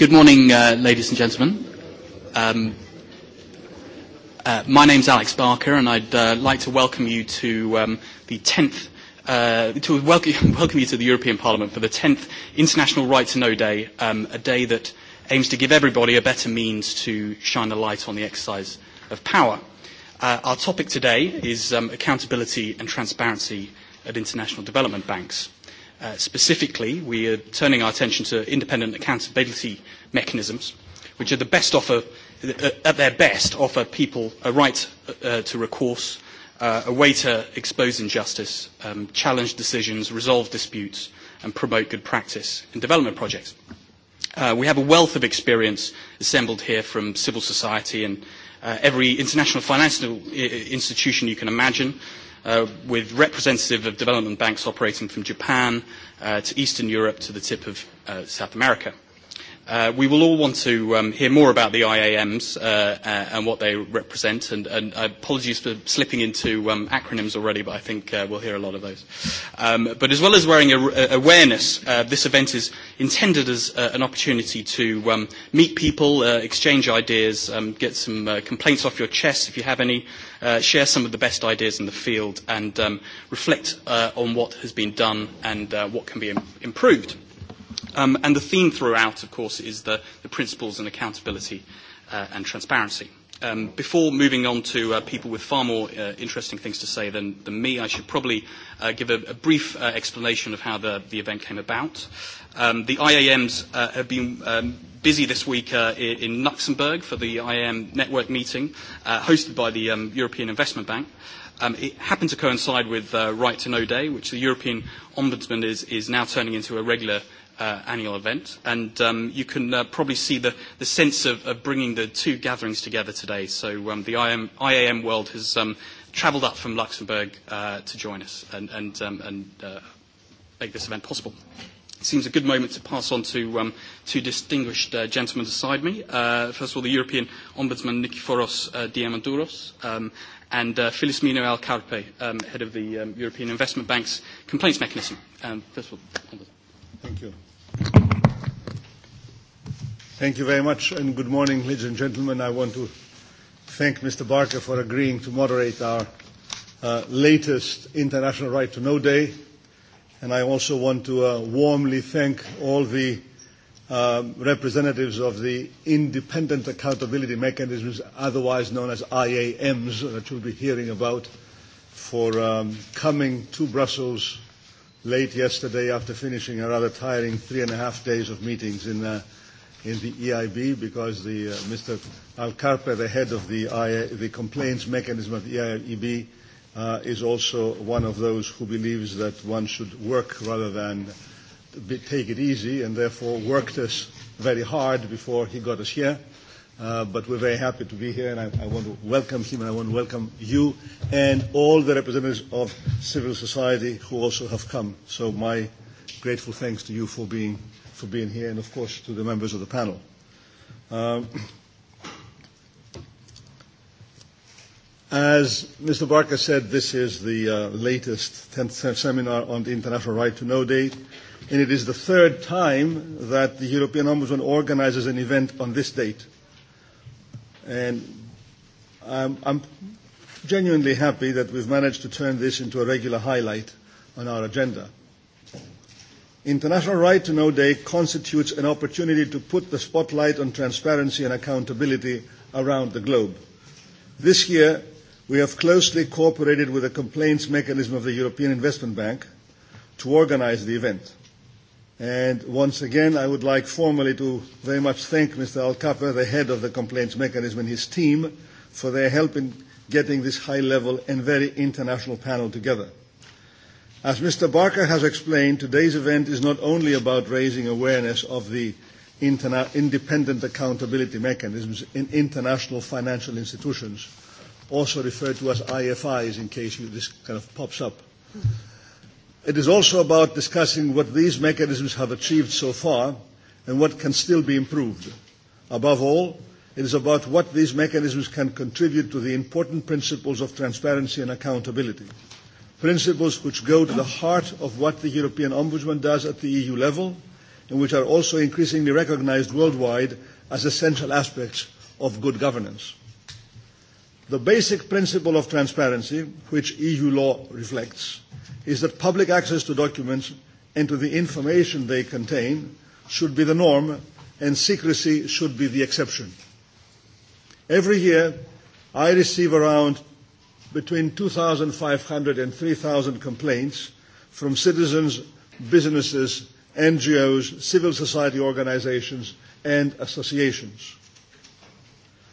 Good morning, ladies and gentlemen. My name is Alex Barker, and I'd like to welcome you to the 10th to welcome you to the European Parliament for the 10th International Right to Know Day, a day that aims to give everybody a better means to shine a light on the exercise of power. Our topic today is accountability and transparency at international development banks. Specifically, we are turning our attention to independent accountability mechanisms, which are the best offer, at their best, offer people a right to recourse, a way to expose injustice, challenge decisions, resolve disputes, and promote good practice in development projects. We have a wealth of experience assembled here from civil society and every international financial institution you can imagine with representative of development banks operating from Japan to Eastern Europe to the tip of South America. We will all want to hear more about the IAMs and what they represent, and apologies for slipping into acronyms already, but I think we'll hear a lot of those. But as well as wearing awareness, this event is intended as an opportunity to meet people, exchange ideas, get some complaints off your chest if you have any, share some of the best ideas in the field, and reflect on what has been done and what can be improved. And the theme throughout, of course, is the principles and accountability and transparency. Before moving on to people with far more interesting things to say than me, I should probably give a brief explanation of how the event came about. The IAMs have been busy this week in Luxembourg for the IAM network meeting hosted by the European Investment Bank. It happened to coincide with Right to Know Day, which the European Ombudsman is now turning into a regular annual event. And you can probably see the sense of bringing the two gatherings together today. So the IAM world has traveled up from Luxembourg to join us and make this event possible. It seems a good moment to pass on to two distinguished gentlemen beside me. First of all, the European Ombudsman Nikiforos Diamandouros and Phyllis Mino Alcarpe, Head of the European Investment Bank's Complaints Mechanism. First of all, Thank you. Thank you very much and good morning, ladies and gentlemen. I want to thank Mr. Barker for agreeing to moderate our latest International Right to Know Day. And I also want to warmly thank all the representatives of the Independent Accountability Mechanisms, otherwise known as IAMs, that you'll be hearing about, for coming to Brussels late yesterday after finishing a rather tiring three and a half days of meetings in in the EIB because the Mr. Alcarpe, the head of the the complaints mechanism of the EIB, is also one of those who believes that one should work rather than take it easy and therefore worked us very hard before he got us here but we're very happy to be here, and I, I want to welcome him, and I want to welcome you and all the representatives of civil society who also have come. So my grateful thanks to you for being, for being here, and of course to the members of the panel. Um, As Mr. Barker said, this is the latest 10th seminar on the International Right to Know Day, and it is the third time that the European Ombudsman organizes an event on this date. And I'm genuinely happy that we've managed to turn this into a regular highlight on our agenda. International Right to Know Day constitutes an opportunity to put the spotlight on transparency and accountability around the globe. This year, we have closely cooperated with the complaints mechanism of the European Investment Bank to organize the event. And once again, I would like formally to very much thank Mr. Alcapa, the head of the complaints mechanism, and his team for their help in getting this high-level and very international panel together. As Mr. Barker has explained, today's event is not only about raising awareness of the independent accountability mechanisms in international financial institutions, also referred to as IFIs in case this kind of pops up. It is also about discussing what these mechanisms have achieved so far and what can still be improved. Above all, it is about what these mechanisms can contribute to the important principles of transparency and accountability, principles which go to the heart of what the European Ombudsman does at the EU level and which are also increasingly recognised worldwide as essential aspects of good governance. The basic principle of transparency, which EU law reflects, is that public access to documents and to the information they contain should be the norm and secrecy should be the exception. Every year, I receive around between 2,500 and 3,000 complaints from citizens, businesses, NGOs, civil society organisations and associations.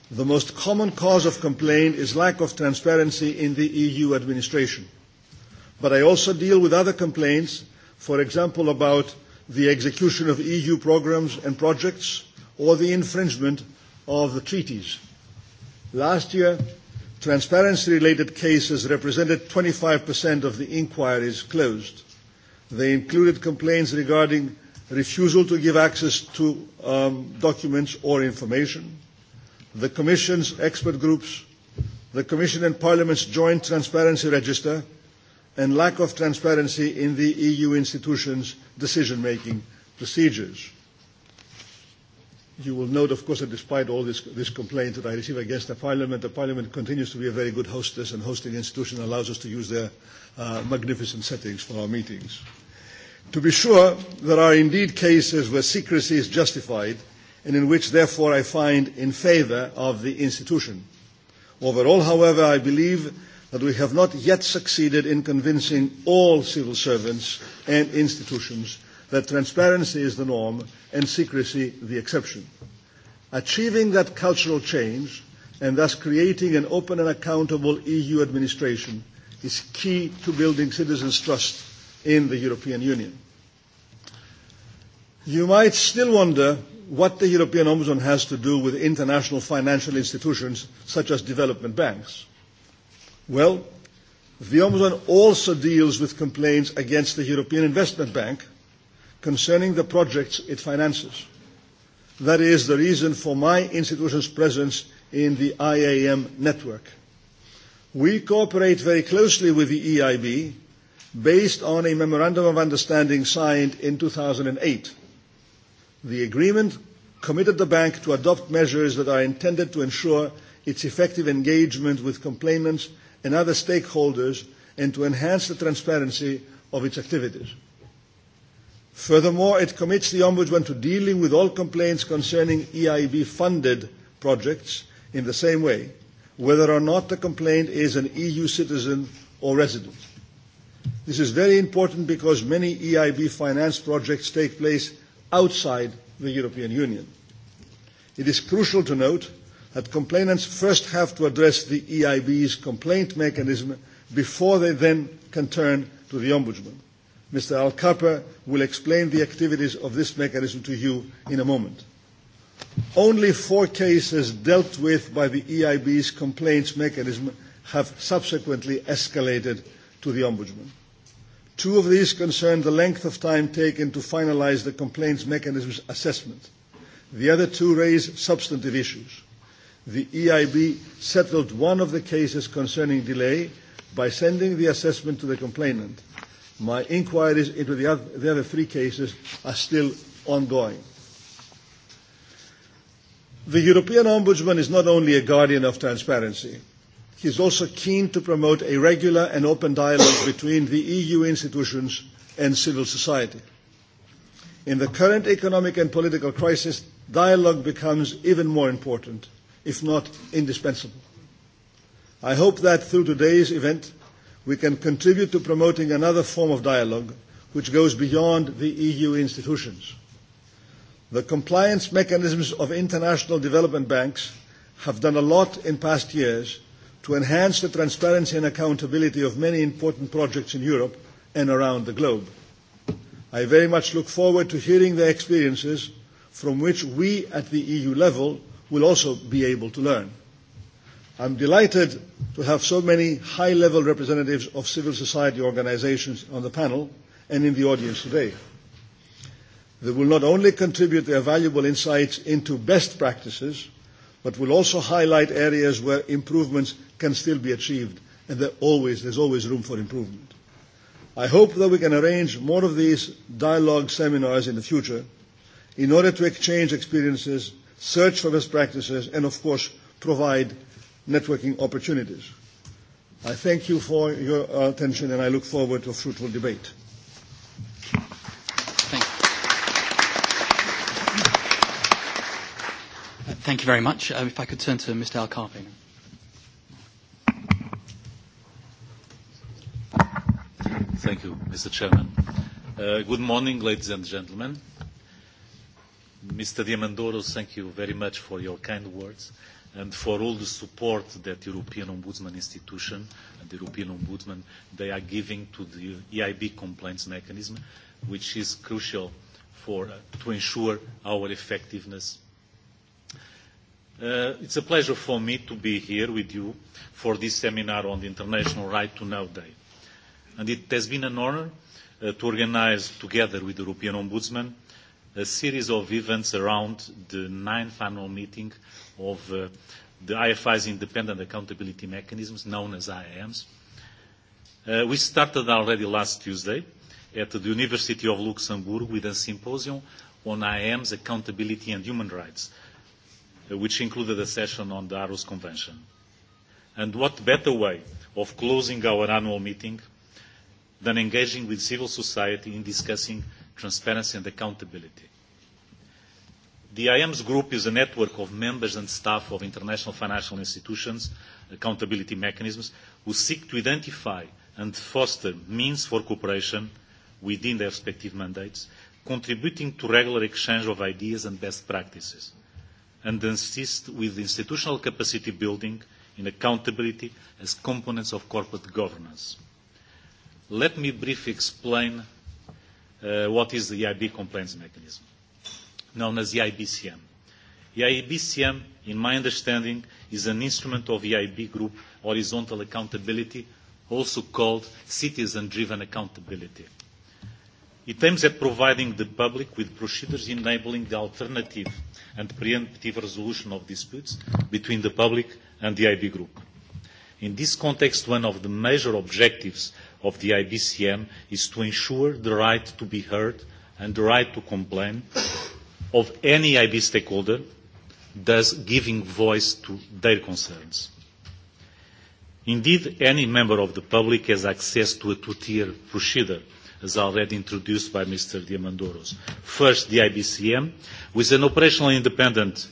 The most common cause of complaint is lack of transparency in the EU administration. But I also deal with other complaints, for example about the execution of EU programmes and projects or the infringement of the treaties. Last year, transparency-related cases represented 25% of the inquiries closed. They included complaints regarding refusal to give access to documents or information, the Commission's expert groups, the Commission and Parliament's joint transparency register, and lack of transparency in the EU institutions' decision-making procedures. You will note, of course, that despite all this, this complaint that I receive against the Parliament, the Parliament continues to be a very good hostess and hosting institution allows us to use their magnificent settings for our meetings. To be sure, there are indeed cases where secrecy is justified and in which, therefore, I find in favour of the institution. Overall, however, I believe that we have not yet succeeded in convincing all civil servants and institutions that transparency is the norm and secrecy the exception. Achieving that cultural change and thus creating an open and accountable EU administration is key to building citizens' trust in the European Union. You might still wonder what the European Ombudsman has to do with international financial institutions such as development banks. Well, the Ombudsman also deals with complaints against the European Investment Bank concerning the projects it finances. That is the reason for my institution's presence in the IAM network. We cooperate very closely with the EIB based on a memorandum of understanding signed in 2008 The agreement committed the Bank to adopt measures that are intended to ensure its effective engagement with complainants and other stakeholders and to enhance the transparency of its activities. Furthermore, it commits the Ombudsman to dealing with all complaints concerning EIB-funded projects in the same way, whether or not the complaint is an EU citizen or resident. This is very important because many EIB-financed projects take place outside the European Union. It is crucial to note that complainants first have to address the EIB's complaint mechanism before they then can turn to the Ombudsman. Mr. Al Alcapa will explain the activities of this mechanism to you in a moment. Only four cases dealt with by the EIB's complaints mechanism have subsequently escalated to the Ombudsman. Two of these concern the length of time taken to finalize the complaints mechanism's assessment. The other two raise substantive issues. The EIB settled one of the cases concerning delay by sending the assessment to the complainant. My inquiries into the other three cases are still ongoing. The European Ombudsman is not only a guardian of transparency. He is also keen to promote a regular and open dialogue between the EU institutions and civil society. In the current economic and political crisis, dialogue becomes even more important, if not indispensable. I hope that through today's event, we can contribute to promoting another form of dialogue which goes beyond the EU institutions. The compliance mechanisms of international development banks have done a lot in past years to enhance the transparency and accountability of many important projects in Europe and around the globe. I very much look forward to hearing their experiences from which we at the EU level will also be able to learn. I'm delighted to have so many high-level representatives of civil society organisations on the panel and in the audience today. They will not only contribute their valuable insights into best practices, but will also highlight areas where improvements can still be achieved, and there always, there's always room for improvement. I hope that we can arrange more of these dialogue seminars in the future in order to exchange experiences, search for best practices, and of course provide networking opportunities. I thank you for your attention and I look forward to a fruitful debate. Thank you very much. If I could turn to Mr. Carpin. Thank you, Mr. Chairman. Good morning, ladies and gentlemen. Mr. Diamandouros, thank you very much for your kind words and for all the support that the European Ombudsman Institution and the European Ombudsman, they are giving to the EIB complaints mechanism, which is crucial for to ensure our effectiveness It's a pleasure for me to be here with you for this seminar on the International Right to Know Day. And it has been an honor to organize, together with the European Ombudsman, a series of events around the ninth annual meeting of the IFI's Independent Accountability Mechanisms, known as IAMs. We started already last Tuesday at the University of Luxembourg with a symposium on IAMs, accountability and human rights which included a session on the Aarhus Convention. And what better way of closing our annual meeting than engaging with civil society in discussing transparency and accountability. The IAMS group is a network of members and staff of international financial institutions, accountability mechanisms, who seek to identify and foster means for cooperation within their respective mandates, contributing to regular exchange of ideas and best practices and insist with institutional capacity building in accountability as components of corporate governance. Let me briefly explain what is the EIB complaints mechanism, known as EIBCM. EIBCM, in my understanding, is an instrument of EIB Group horizontal accountability, also called citizen-driven accountability. It aims at providing the public with procedures enabling the alternative and preemptive resolution of disputes between the public and the IB Group. In this context, one of the major objectives of the IBCM is to ensure the right to be heard and the right to complain of any IB stakeholder, thus giving voice to their concerns. Indeed, any member of the public has access to a two-tier procedure as already introduced by Mr. Diamandouros. First, the IBCM, with an operationally independent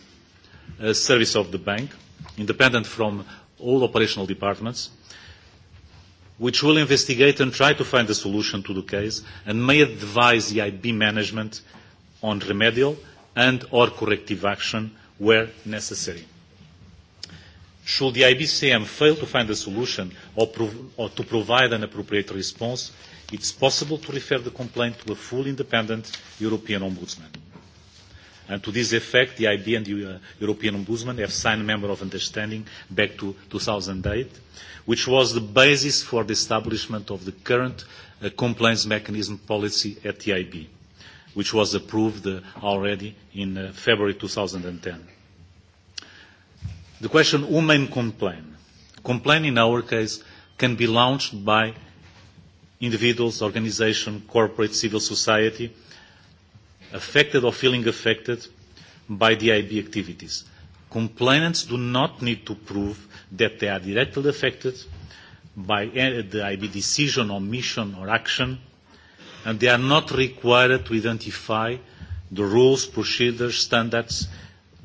service of the bank, independent from all operational departments, which will investigate and try to find a solution to the case and may advise the IB management on remedial and or corrective action where necessary. Should the IBCM fail to find a solution or to provide an appropriate response, it is possible to refer the complaint to a full independent European Ombudsman. And to this effect, the IB and the European Ombudsman have signed a Member of Understanding back to 2008, which was the basis for the establishment of the current complaints mechanism policy at the IB, which was approved already in February 2010. The question who may complain? Complaint in our case can be launched by individuals, organizations, corporate, civil society affected or feeling affected by the IB activities. Complainants do not need to prove that they are directly affected by the IB decision or mission or action, and they are not required to identify the rules, procedures, standards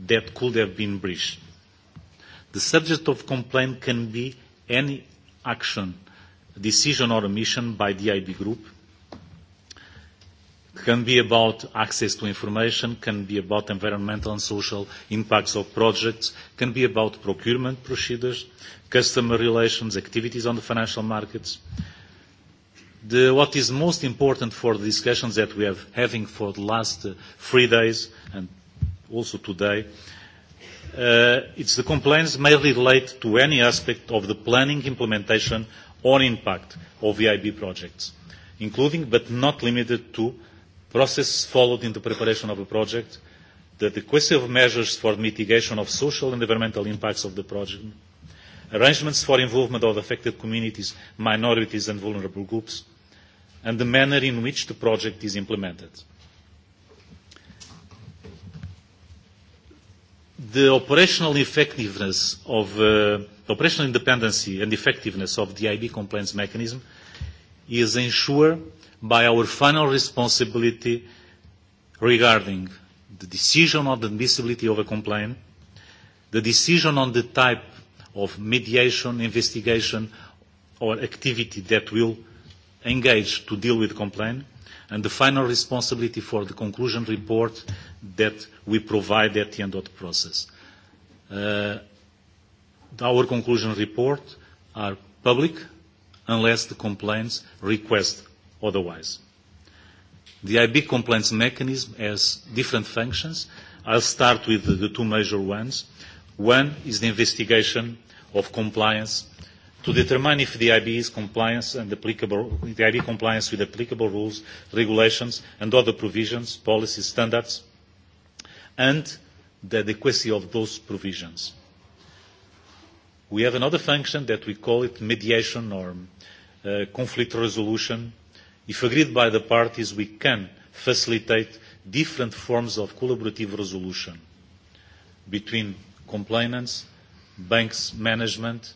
that could have been breached. The subject of complaint can be any action, decision or omission by the IB Group. It Can be about access to information, can be about environmental and social impacts of projects, can be about procurement procedures, customer relations, activities on the financial markets. What is most important for the discussions that we have having for the last three days and also today It's the complaints may relate to any aspect of the planning, implementation or impact of EIB projects, including but not limited to process followed in the preparation of a project, the adequacy of measures for mitigation of social and environmental impacts of the project, arrangements for involvement of affected communities, minorities and vulnerable groups, and the manner in which the project is implemented. the operational effectiveness of operational independence and effectiveness of the IB complaints mechanism is ensured by our final responsibility regarding the decision on the admissibility of a complaint, the decision on the type of mediation, investigation or activity that will engaged to deal with complaint and the final responsibility for the conclusion report that we provide at the end of the process. Our conclusion reports are public unless the complaints request otherwise. The IB complaints mechanism has different functions. I'll start with the two major ones. One is the investigation of compliance to determine if the is compliance and compliance with applicable rules, regulations and other provisions, policy standards and the adequacy of those provisions. We have another function that we call it mediation or conflict resolution. If agreed by the parties, we can facilitate different forms of collaborative resolution between complainants, banks management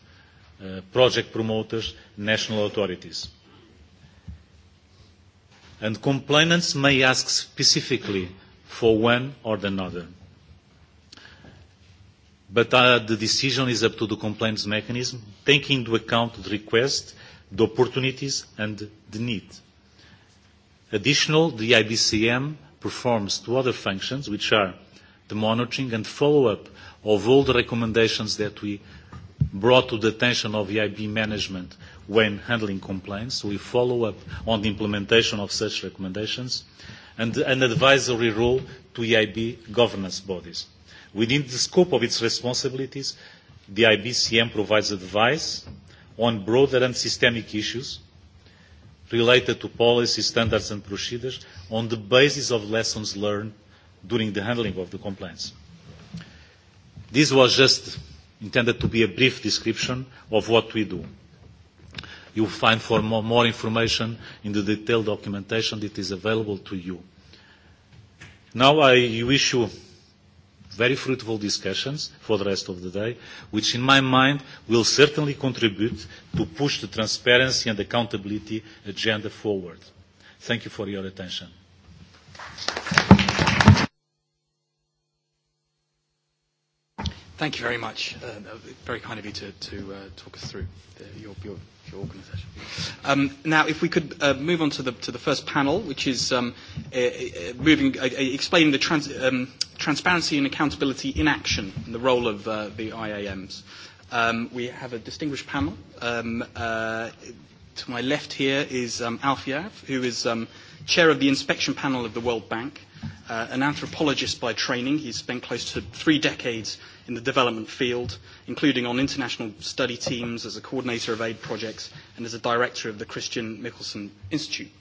project promoters, national authorities. And complainants may ask specifically for one or another. other. But the decision is up to the complaints mechanism, taking into account the request, the opportunities and the need. Additional, the IBCM performs two other functions, which are the monitoring and follow-up of all the recommendations that we brought to the attention of the IB management when handling complaints. We follow up on the implementation of such recommendations and an advisory role to EIB governance bodies. Within the scope of its responsibilities, the IBCM provides advice on broader and systemic issues related to policy standards and procedures on the basis of lessons learned during the handling of the complaints. This was just intended to be a brief description of what we do. You will find for more information in the detailed documentation that is available to you. Now I wish you very fruitful discussions for the rest of the day, which in my mind will certainly contribute to push the transparency and accountability agenda forward. Thank you for your attention. Thank you very much. Very kind of you to talk us through your your organisation. Now, if we could move on to the first panel, which is explaining the transparency and accountability in action and the role of the IAMs. We have a distinguished panel. To my left here is um Alf who is chair of the inspection panel of the World Bank an anthropologist by training. He's spent close to three decades in the development field, including on international study teams, as a coordinator of aid projects, and as a director of the Christian Mickelson Institute.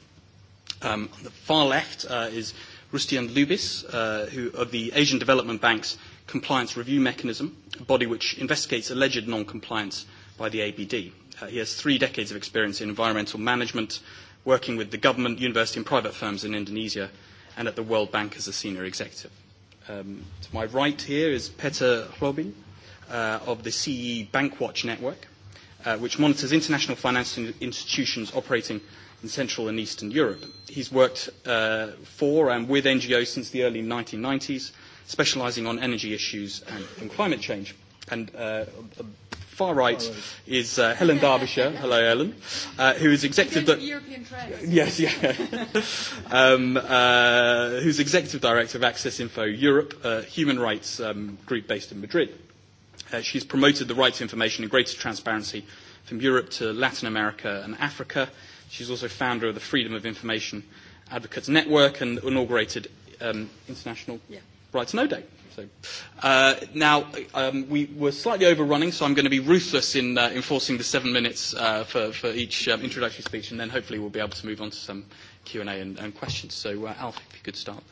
On the far left is Rustian Lubis, who of the Asian Development Bank's Compliance Review Mechanism, a body which investigates alleged non-compliance by the ABD. He has three decades of experience in environmental management, working with the government, university and private firms in Indonesia and at the World Bank as a senior executive. To my right here is Peter Hrobin of the CE Bankwatch Network, which monitors international financial institutions operating in Central and Eastern Europe. He's worked for and with NGOs since the early 1990s, specializing on energy issues and climate change. And far right is Helen Derbyshire. Hello, Helen. Who is executive? Yes, yeah. Who's executive director of Access Info Europe, a human rights group based in Madrid. She's promoted the right to information and greater transparency from Europe to Latin America and Africa. She's also founder of the Freedom of Information Advocates Network and inaugurated international right to no day. So, now we were slightly overrunning, so I'm going to be ruthless in enforcing the seven minutes for, for each introductory speech, and then hopefully we'll be able to move on to some Q&A and, and questions. So, Alf, if you could start.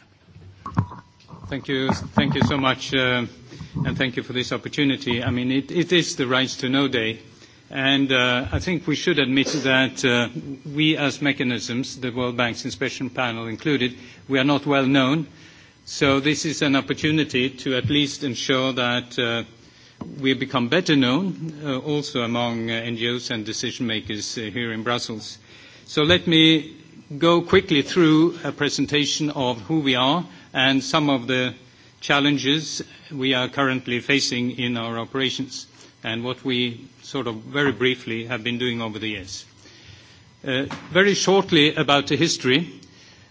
Thank you, thank you so much, and thank you for this opportunity. I mean, it, it is the Rights to Know Day, and I think we should admit that we, as mechanisms, the World Bank's inspection panel included, we are not well known So this is an opportunity to at least ensure that we become better known also among NGOs and decision makers here in Brussels. So let me go quickly through a presentation of who we are and some of the challenges we are currently facing in our operations and what we sort of very briefly have been doing over the years. Very shortly about the history.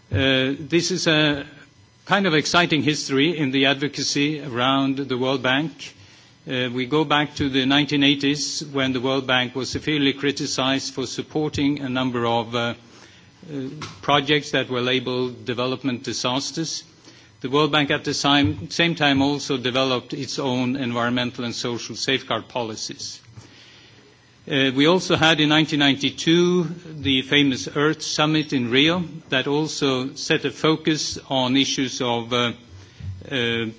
This is a kind of exciting history in the advocacy around the World Bank. We go back to the 1980s when the World Bank was severely criticised for supporting a number of projects that were labelled development disasters. The World Bank at the same time also developed its own environmental and social safeguard policies. We also had in 1992 the famous Earth Summit in Rio that also set a focus on issues of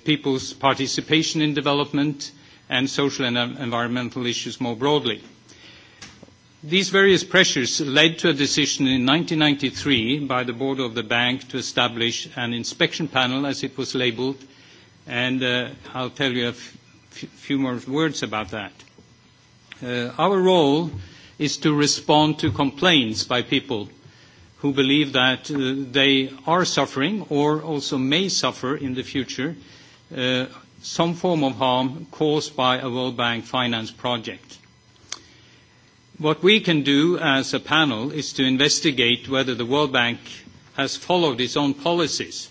people's participation in development and social and environmental issues more broadly. These various pressures led to a decision in 1993 by the board of the bank to establish an inspection panel, as it was labelled, and I'll tell you a few more words about that. Our role is to respond to complaints by people who believe that they are suffering or also may suffer in the future some form of harm caused by a World Bank finance project. What we can do as a panel is to investigate whether the World Bank has followed its own policies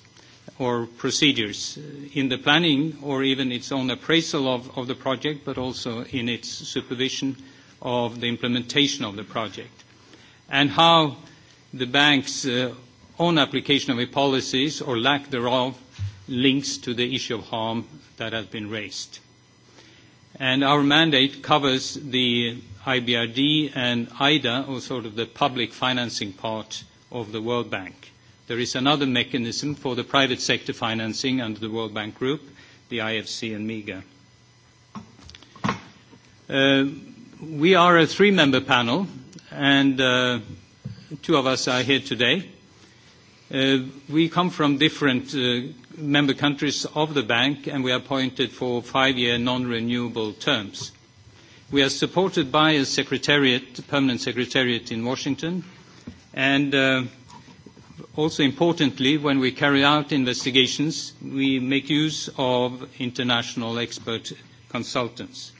or procedures in the planning or even its own appraisal of the project, but also in its supervision of the implementation of the project. And how the bank's own application of its policies or lack thereof links to the issue of harm that has been raised. And our mandate covers the IBRD and IDA, or sort of the public financing part of the World Bank. There is another mechanism for the private sector financing under the World Bank Group, the IFC and MEGA. We are a three-member panel, and two of us are here today. We come from different member countries of the bank, and we are appointed for five-year non-renewable terms. We are supported by a secretariat, permanent secretariat in Washington, and also importantly, when we carry out investigations, we make use of international expert consultants.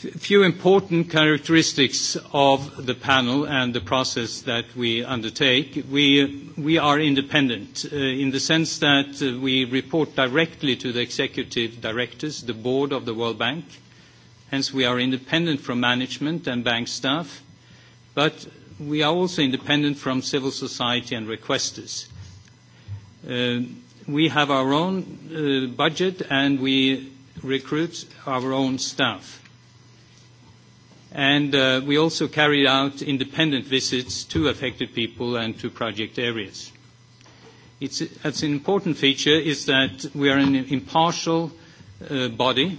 Few important characteristics of the panel and the process that we undertake. We are independent in the sense that we report directly to the executive directors, the board of the World Bank. Hence, we are independent from management and bank staff, but we are also independent from civil society and requesters. We have our own budget and we recruit our own staff. And we also carry out independent visits to affected people and to project areas. It's an important feature is that we are an impartial body.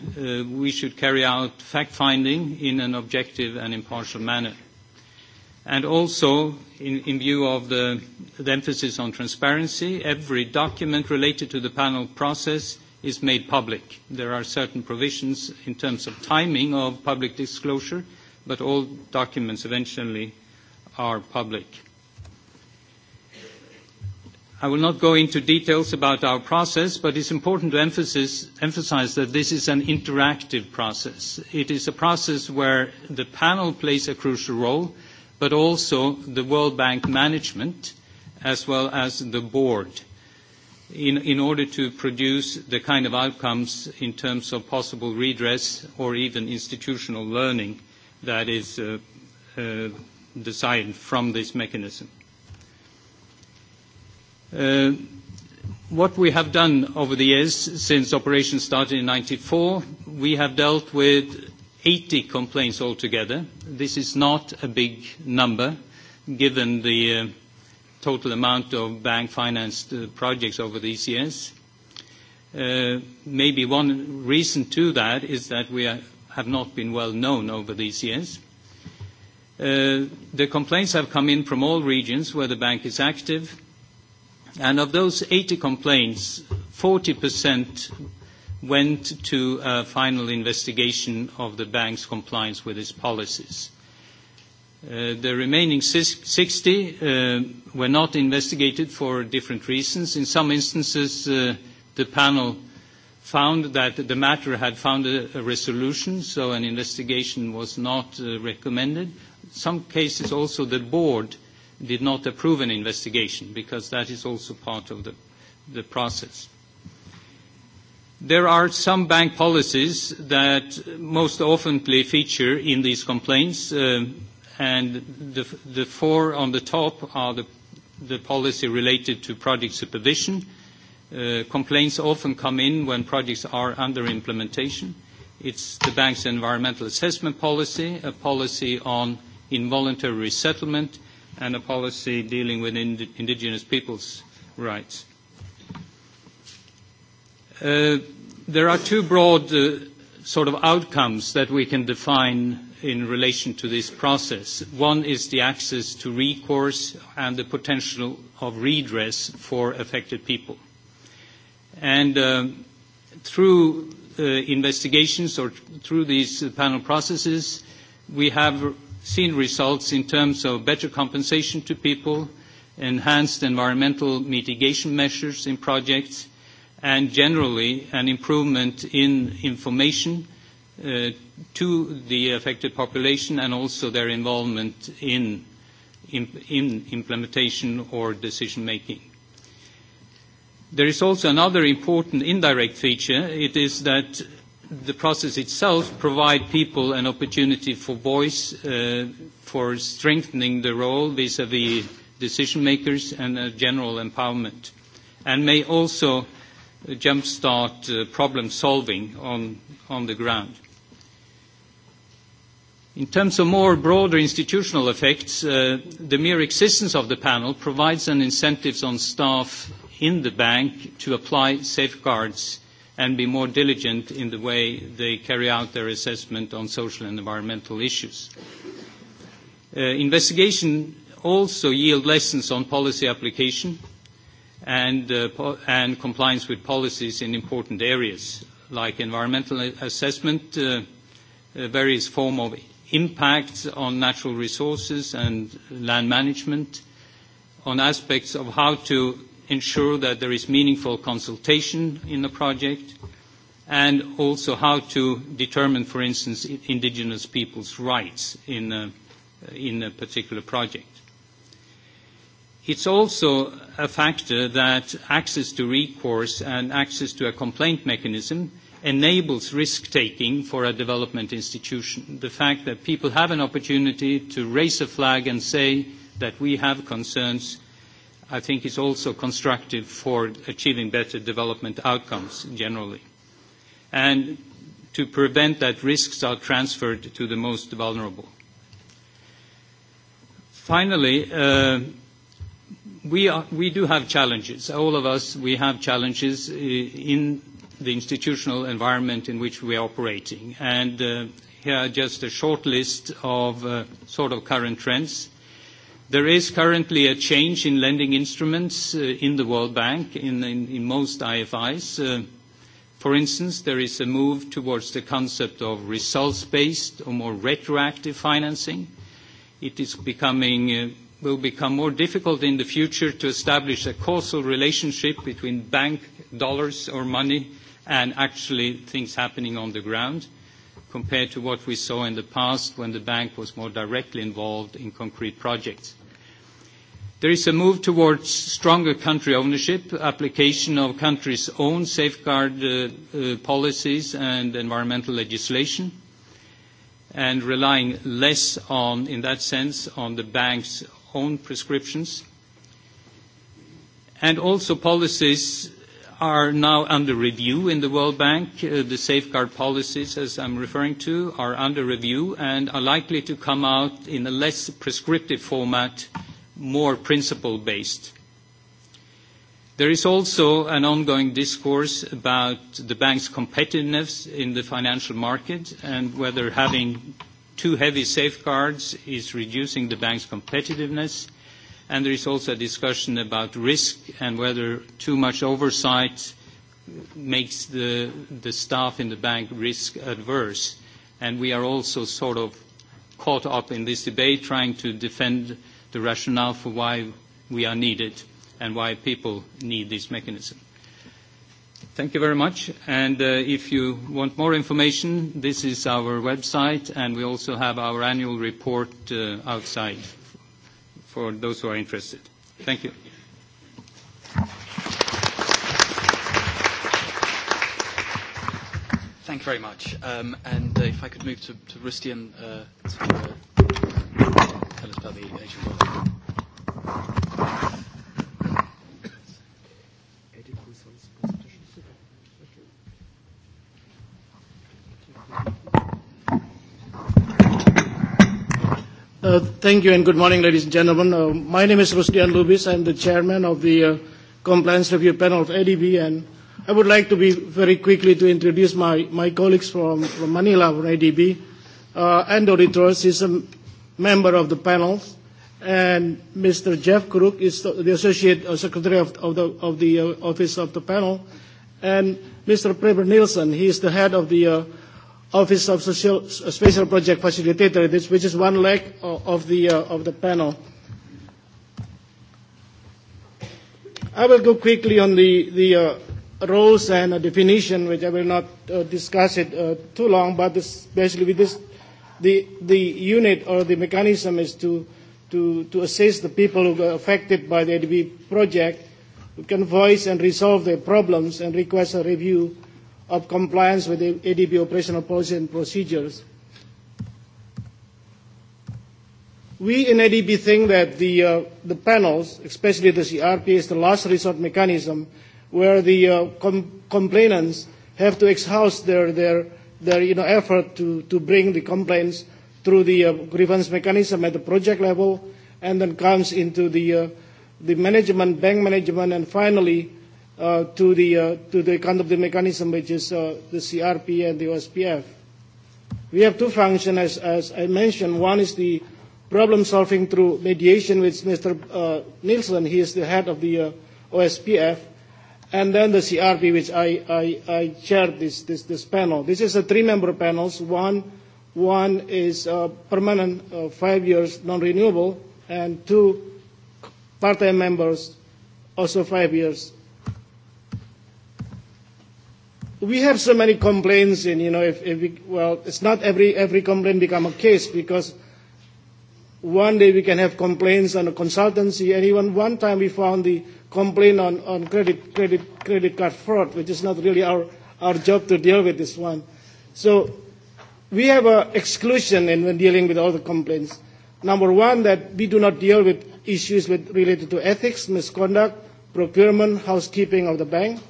We should carry out fact-finding in an objective and impartial manner. And also, in view of the emphasis on transparency, every document related to the panel process is made public. There are certain provisions in terms of timing of public disclosure, but all documents eventually are public. I will not go into details about our process, but it is important to emphasize that this is an interactive process. It is a process where the panel plays a crucial role but also the World Bank management as well as the board in order to produce the kind of outcomes in terms of possible redress or even institutional learning that is designed from this mechanism. What we have done over the years since operations started in 1994, we have dealt with 80 complaints altogether. This is not a big number given the total amount of bank-financed projects over these years. Maybe one reason to that is that we have not been well known over these years. The complaints have come in from all regions where the bank is active, and of those 80 complaints, 40% went to a final investigation of the bank's compliance with its policies. The remaining 60 were not investigated for different reasons. In some instances, the panel found that the matter had found a resolution, so an investigation was not recommended. In Some cases also the board did not approve an investigation because that is also part of the process. There are some bank policies that most often feature in these complaints, and the four on the top are the policy related to project supervision. Complaints often come in when projects are under implementation. It's the bank's environmental assessment policy, a policy on involuntary resettlement, and a policy dealing with indigenous peoples' rights. There are two broad sort of outcomes that we can define in relation to this process. One is the access to recourse and the potential of redress for affected people. And through investigations or through these panel processes, we have seen results in terms of better compensation to people, enhanced environmental mitigation measures in projects, and generally an improvement in information to the affected population and also their involvement in implementation or decision-making. There is also another important indirect feature. It is that the process itself provides people an opportunity for voice, for strengthening the role vis-à-vis decision-makers and a general empowerment, and may also jumpstart problem-solving on the ground. In terms of more broader institutional effects, the mere existence of the panel provides an incentive on staff in the bank to apply safeguards and be more diligent in the way they carry out their assessment on social and environmental issues. Investigation also yield lessons on policy application and compliance with policies in important areas like environmental assessment, various form of impacts on natural resources and land management, on aspects of how to ensure that there is meaningful consultation in the project, and also how to determine, for instance, indigenous people's rights in a particular project. It's also a factor that access to recourse and access to a complaint mechanism enables risk-taking for a development institution. The fact that people have an opportunity to raise a flag and say that we have concerns, I think is also constructive for achieving better development outcomes generally. And to prevent that risks are transferred to the most vulnerable. Finally, We do have challenges. All of us, we have challenges in the institutional environment in which we are operating. And here are just a short list of sort of current trends. There is currently a change in lending instruments in the World Bank, in most IFIs. For instance, there is a move towards the concept of results-based or more retroactive financing. It is becoming will become more difficult in the future to establish a causal relationship between bank dollars or money and actually things happening on the ground, compared to what we saw in the past when the bank was more directly involved in concrete projects. There is a move towards stronger country ownership, application of countries' own safeguard policies and environmental legislation, and relying less on, in that sense, on the bank's own prescriptions. And also policies are now under review in the World Bank. The safeguard policies, as I'm referring to, are under review and are likely to come out in a less prescriptive format, more principle-based. There is also an ongoing discourse about the bank's competitiveness in the financial market and whether having too heavy safeguards is reducing the bank's competitiveness, and there is also a discussion about risk and whether too much oversight makes the staff in the bank risk adverse. And we are also sort of caught up in this debate trying to defend the rationale for why we are needed and why people need this mechanism. Thank you very much. And if you want more information, this is our website, and we also have our annual report outside for those who are interested. Thank you. Thank you very much. if I could move to Rustin to tell us about the Asian Thank you and good morning, ladies and gentlemen. My name is Rusdian Lubis. I'm the chairman of the Compliance Review Panel of ADB, and I would like to be very quickly to introduce my my colleagues from Manila, from ADB. Andrew Ritros is a member of the panel, and Mr. Jeff Crook is the associate secretary of the of the office of the panel, and Mr. Preben Nielsen, he is the head of the Office of Social Special Project Facilitator, which is one leg of the of the panel. I will go quickly on the the roles and definition, which I will not discuss it too long, but especially with this, the the unit or the mechanism is to to to assist the people who are affected by the ADB project, who can voice and resolve their problems and request a review of compliance with the ADB operational policy and procedures. We in ADB think that the the panels, especially the CRP, is the last resort mechanism where the complainants have to exhaust their their their you know effort to to bring the complaints through the grievance mechanism at the project level and then comes into the the management, bank management and finally to the to the kind of the mechanism which is the CRP and the OSPF. We have two functions, as as I mentioned. One is the problem solving through mediation, which Mr. Nielsen, he is the head of the OSPF, and then the CRP, which I I I chaired this this this panel. This is a three-member panel. One one is permanent, five years, non-renewable, and two part-time members, also five years we have so many complaints and you know if, if we, well it's not every every complaint become a case because one day we can have complaints on a consultancy and even one time we found the complaint on, on credit credit credit card fraud which is not really our our job to deal with this one so we have a exclusion in when dealing with all the complaints number one that we do not deal with issues with related to ethics misconduct procurement housekeeping of the bank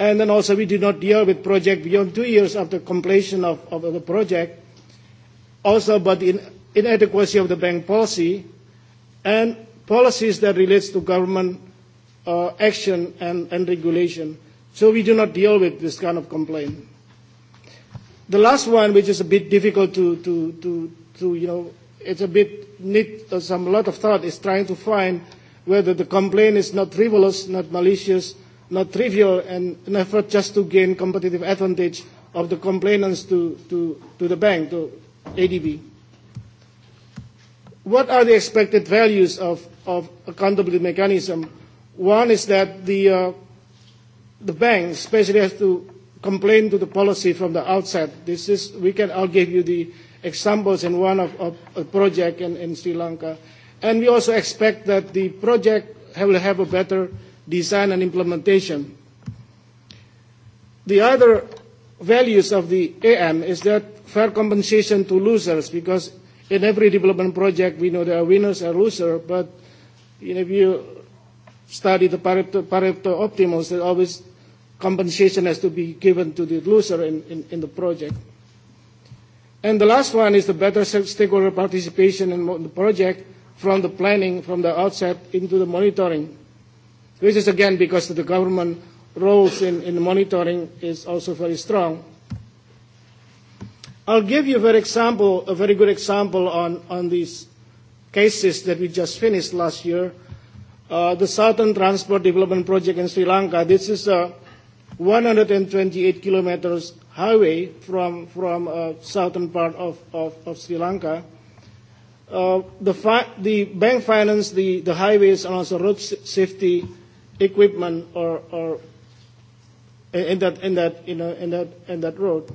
And then also we do not deal with project beyond two years after completion of, the project. Also, but in inadequacy of the bank policy and policies that relates to government action and, and regulation. So we do not deal with this kind of complaint. The last one, which is a bit difficult to, to, to, to you know, it's a bit need some lot of thought, is trying to find whether the complaint is not frivolous, not malicious, not trivial and an effort just to gain competitive advantage of the complainants to, to, to the bank, to ADB. What are the expected values of, of accountability mechanism? One is that the, the bank especially has to complain to the policy from the outset. This is, we can, I'll give you the examples in one of, of a project in, in Sri Lanka. And we also expect that the project will have a better design and implementation. The other values of the AM is that fair compensation to losers, because in every development project we know there are winners and losers, but if you study the Pareto, Pareto optimals, there always compensation has to be given to the loser in, in, in the project. And the last one is the better stakeholder participation in the project from the planning, from the outset into the monitoring. This is again because the government roles in, in monitoring is also very strong. I'll give you very example, a very good example on, on these cases that we just finished last year. the Southern Transport Development Project in Sri Lanka. This is a 128 kilometers highway from, from southern part of, of, Sri Lanka. the, the bank financed the, the highways and also road safety equipment or, or in that in that you know in that in that road.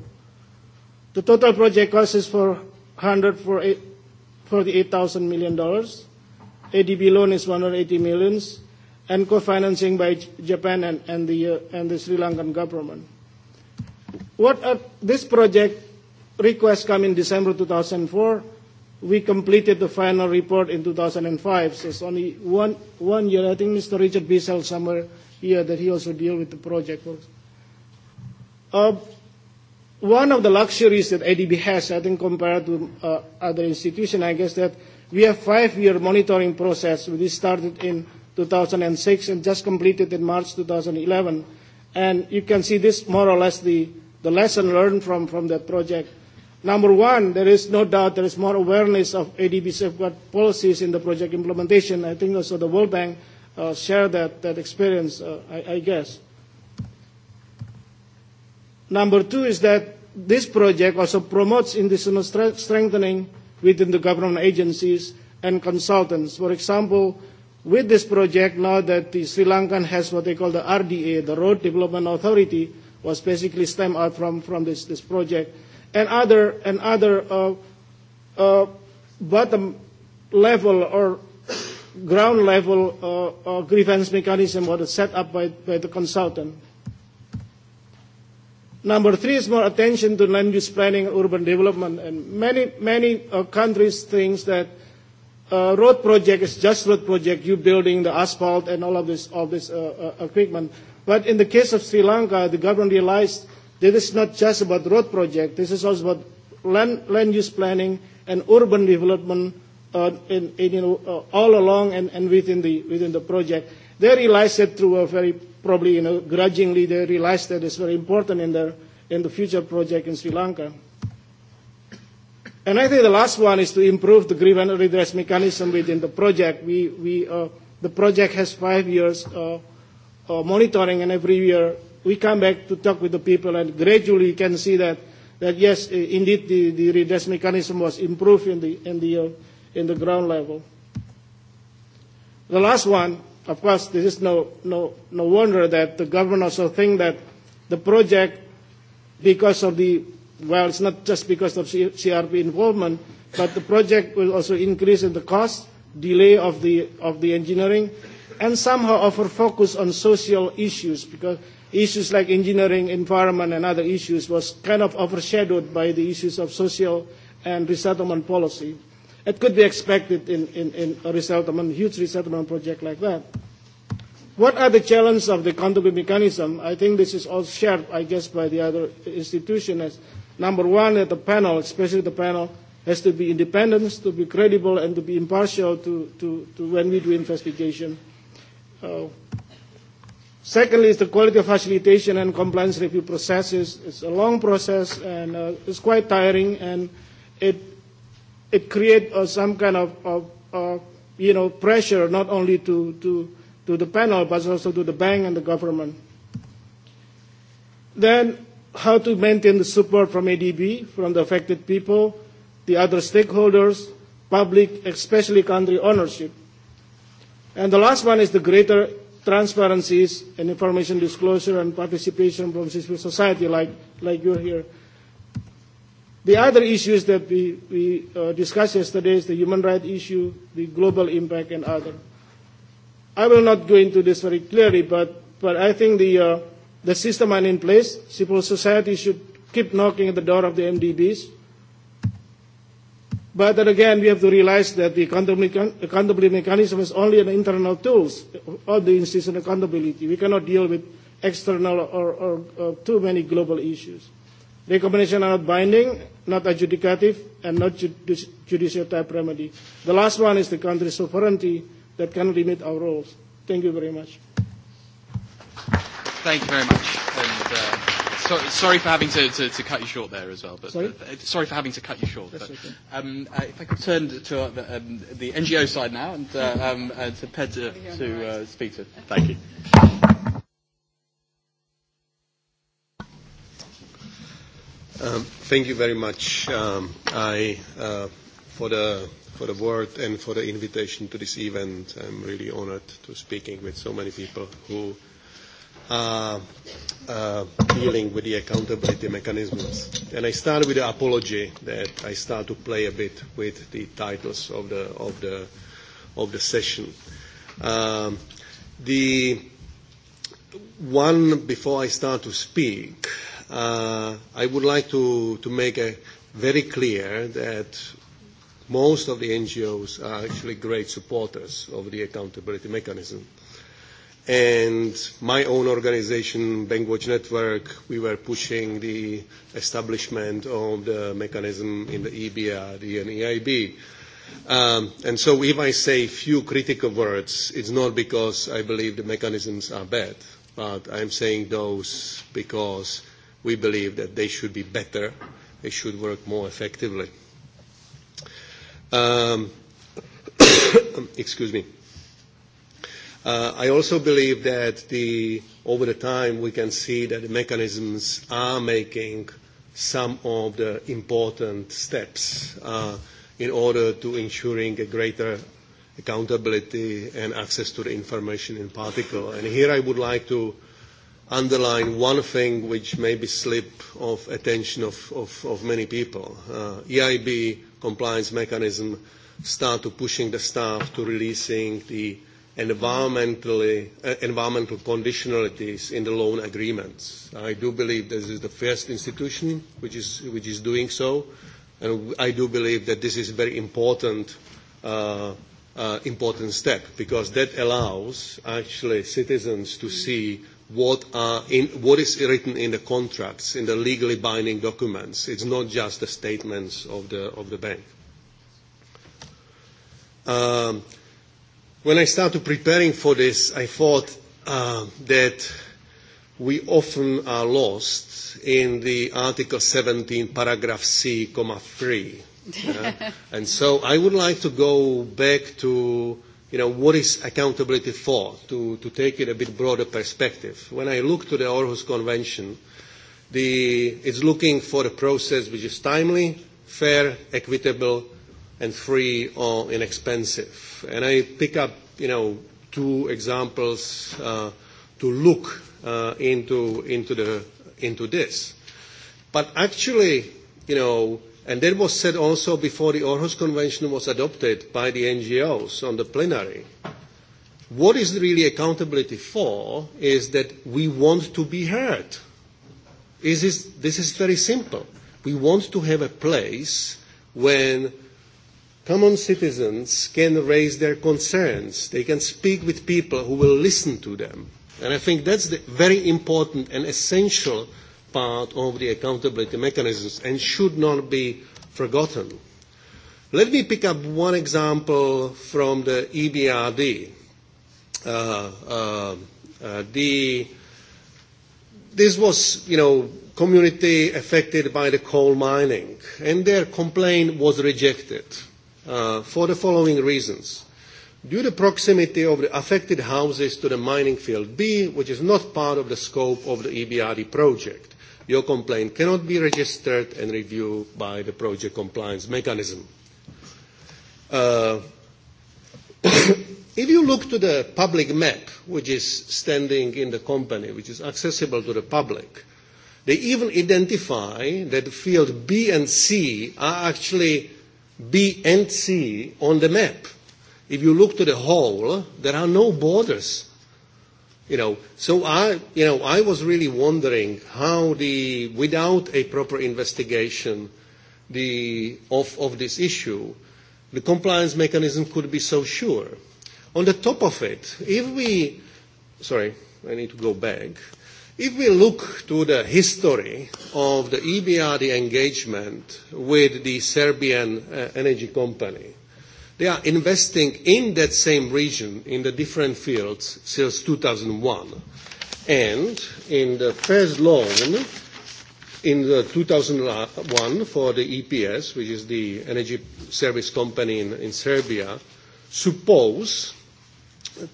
The total project cost is for thousand million dollars. ADB loan is 180 millions, and co-financing by Japan and, and the and the Sri Lankan government. What are, this project request come in December 2004 we completed the final report in 2005, so it's only one, one year. I think Mr. Richard Bissell somewhere here that he also deal with the project. one of the luxuries that ADB has, I think, compared to uh, other institutions, I guess that we have five-year monitoring process. We started in 2006 and just completed in March 2011. And you can see this more or less the, the lesson learned from, from that project Number one, there is no doubt there is more awareness of ADB safeguard policies in the project implementation. I think also the World Bank share that that experience, I guess. Number two is that this project also promotes institutional strengthening within the government agencies and consultants. For example, with this project, now that the Sri Lankan has what they call the RDA, the Road Development Authority, was basically stemmed out from from this this project and other and other bottom level or ground level grievance mechanism was set up by the consultant. Number three is more attention to land use planning and urban development. And many, many countries think that uh, road project is just road project, you building the asphalt and all of this, all this equipment. But in the case of Sri Lanka, the government realized This is not just about road project. This is also about land use planning and urban development all along and within the project. They realized that through a very probably grudgingly they realized that it's very important in the future project in Sri Lanka. And I think the last one is to improve the grievance redress mechanism within the project. We, we, the project has five years monitoring, and every year we come back to talk with the people and gradually you can see that that yes indeed the, the redress mechanism was improved in the in the in the ground level the last one of course this is no no no wonder that the government also think that the project because of the well it's not just because of crp involvement but the project will also increase in the cost delay of the of the engineering and somehow offer focus on social issues because issues like engineering, environment, and other issues was kind of overshadowed by the issues of social and resettlement policy. It could be expected in, in, in a resettlement, huge resettlement project like that. What are the challenges of the accountability mechanism? I think this is all shared, I guess, by the other institutions. number one, that the panel, especially the panel, has to be independent, to be credible, and to be impartial to, to, to when we do investigation. Secondly is the quality of facilitation and compliance review processes. It's a long process and it's quite tiring and it it creates some kind of of you know pressure not only to to to the panel but also to the bank and the government. Then how to maintain the support from ADB, from the affected people, the other stakeholders, public, especially country ownership. And the last one is the greater Transparency, and information disclosure and participation from civil society like like you're here. The other issues that we, we discussed yesterday is the human rights issue, the global impact and other. I will not go into this very clearly, but, but I think the, the system is in place. Civil society should keep knocking at the door of the MDBs But then again, we have to realize that the accountability mechanism is only an internal tool of the institutional accountability. We cannot deal with external or too many global issues. Recommendations are not binding, not adjudicative, and not judicial type remedy. The last one is the country's sovereignty that can limit our roles. Thank you very much. Thank you very much. Sorry, sorry for having to, to, to cut you short there as well. But sorry, for having to cut you short. um, if I could turn to the, NGO side now and um, to Ped to, speak to. Thank you. Um, thank you very much. Um, I uh, for the for the word and for the invitation to this event. I'm really honored to speaking with so many people who dealing with the accountability mechanisms. And I start with the apology that I start to play a bit with the titles of the of the of the session. The one before I start to speak, I would like to to make it very clear that most of the NGOs are actually great supporters of the accountability mechanism. And my own organization, Bankwatch Network, we were pushing the establishment of the mechanism in the EBRD and EIB. And so if I say a few critical words, it's not because I believe the mechanisms are bad, but I'm saying those because we believe that they should be better, they should work more effectively. Excuse me. I also believe that over the time we can see that the mechanisms are making some of the important steps in order to ensuring a greater accountability and access to the information in particular. And here I would like to underline one thing which may be slip of attention of many people. EIB compliance mechanism start to pushing the staff to releasing the environmental conditionalities in the loan agreements. I do believe this is the first institution which is which is doing so, and I do believe that this is a very important important step because that allows actually citizens to see what are what is written in the contracts in the legally binding documents. It's not just the statements of the of the bank. When I started preparing for this, I thought that we often are lost in the Article 17, paragraph C, comma 3. And so I would like to go back to, you know, what is accountability for, to, to take it a bit broader perspective. When I look to the Aarhus Convention, the, it's looking for a process which is timely, fair, equitable, and free or inexpensive. And I pick up, you know, two examples to look into into the into this. But actually, you know, and that was said also before the Aarhus Convention was adopted by the NGOs on the plenary. What is really accountability for is that we want to be heard. Is this, this is very simple. We want to have a place when common citizens can raise their concerns. They can speak with people who will listen to them. And I think that's the very important and essential part of the accountability mechanisms and should not be forgotten. Let me pick up one example from the EBRD. This was, you know, community affected by the coal mining, and their complaint was rejected for the following reasons. Due to proximity of the affected houses to the mining field B, which is not part of the scope of the EBRD project, your complaint cannot be registered and reviewed by the project compliance mechanism. If you look to the public map, which is standing in the company, which is accessible to the public, they even identify that field B and C are actually B and C on the map. If you look to the whole, there are no borders. You know, so I, you know, I was really wondering how the, without a proper investigation, the of of this issue, the compliance mechanism could be so sure. On the top of it, if we, sorry, I need to go back. If we look to the history of the EBRD engagement with the Serbian energy company, they are investing in that same region in the different fields since 2001. And in the first loan in 2001 for the EPS, which is the energy service company in, Serbia, supposed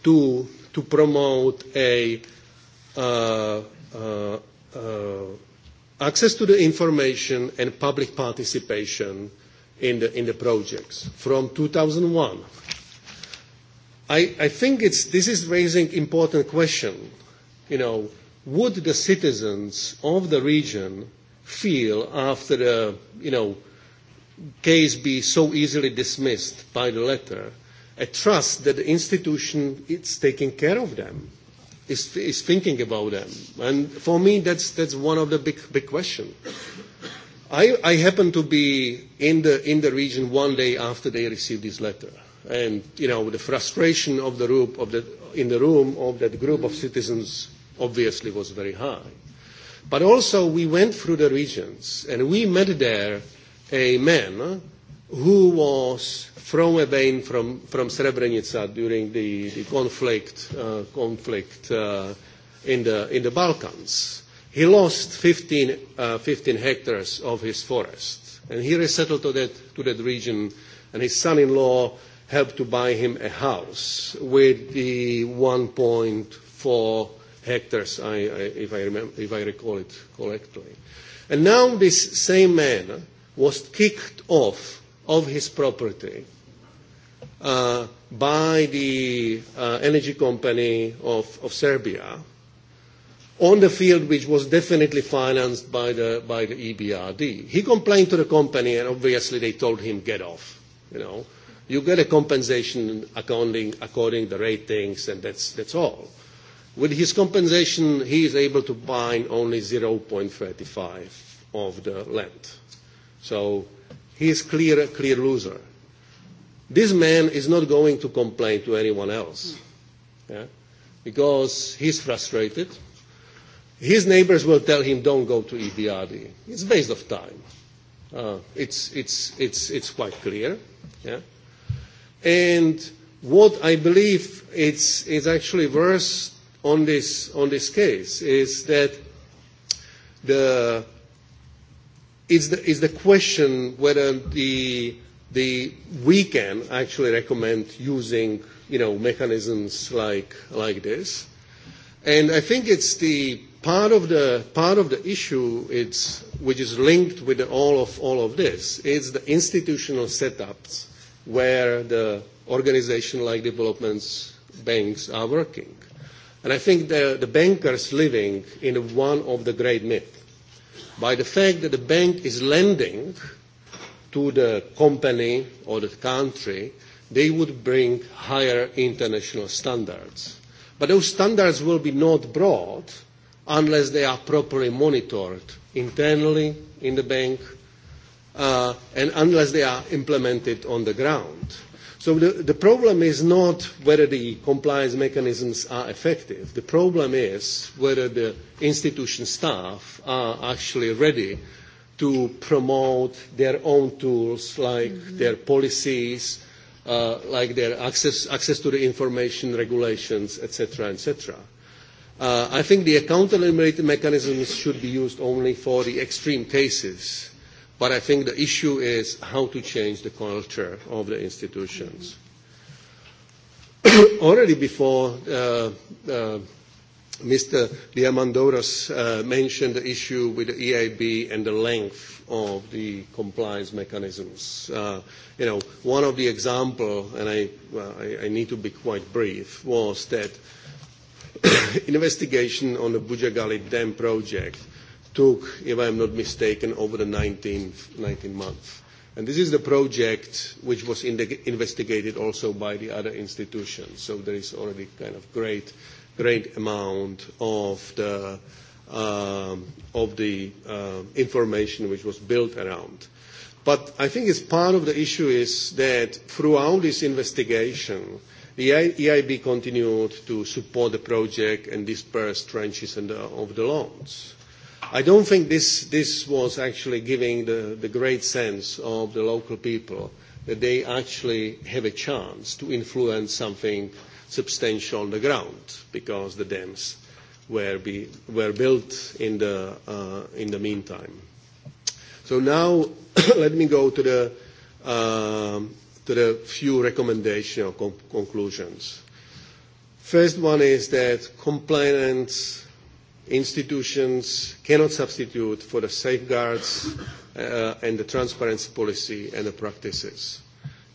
to, to promote a access to the information and public participation in the projects from 2001 i i think this is raising important question you know would the citizens of the region feel after the you know case be so easily dismissed by the letter a trust that the institution is taking care of them is, thinking about them. And for me, that's, that's one of the big, big questions. I, I happened to be in the, in the region one day after they received this letter. And, you know, the frustration of the group, of the, in the room of that group of citizens obviously was very high. But also we went through the regions and we met there a man who was a away from from Srebrenica during the the conflict conflict in the in the Balkans. He lost 15 15 hectares of his forest, and he resettled to that to that region. And his son-in-law helped to buy him a house with the 1.4 hectares, if I if I recall it correctly. And now this same man was kicked off of his property by the energy company of Serbia on the field which was definitely financed by the by the EBRD. He complained to the company and obviously they told him get off. You know, you get a compensation according according the ratings and that's that's all. With his compensation he is able to buy only 0.35 of the land. So He is clear, clear loser. This man is not going to complain to anyone else, because he's frustrated. His neighbors will tell him, "Don't go to EBRD. It's a waste of time." It's it's it's it's quite clear, and what I believe it's is actually worse on this on this case is that the is the is the question whether the the we can actually recommend using mechanisms like like this and i think it's the part of the part of the issue which is linked with all of all of this is the institutional setups where the organization like development banks are working and i think the the bankers living in one of the great myths by the fact that the bank is lending to the company or the country, they would bring higher international standards. But those standards will be not brought unless they are properly monitored internally in the bank and unless they are implemented on the ground. So the problem is not whether the compliance mechanisms are effective. The problem is whether the institution staff are actually ready to promote their own tools like their policies, like their access to the information regulations, etc., etc. I think the accountability mechanisms should be used only for the extreme cases But I think the issue is how to change the culture of the institutions. Already before Mr. Diamandouros mentioned the issue with the EIB and the length of the compliance mechanisms. You know, one of the examples, and I need to be quite brief, was that investigation on the Bujagali Dam project took, if I not mistaken, over the 19 months. And this is the project which was investigated also by the other institutions. So there is already kind of great, great amount of the of the information which was built around. But I think it's part of the issue is that throughout this investigation, the EIB continued to support the project and disperse trenches of the loans. I don't think this this was actually giving the great sense of the local people that they actually have a chance to influence something substantial on the ground because the dams were were built in the in the meantime. So now let me go to the to the few recommendations or conclusions. First one is that complainants institutions cannot substitute for the safeguards and the transparency policy and the practices.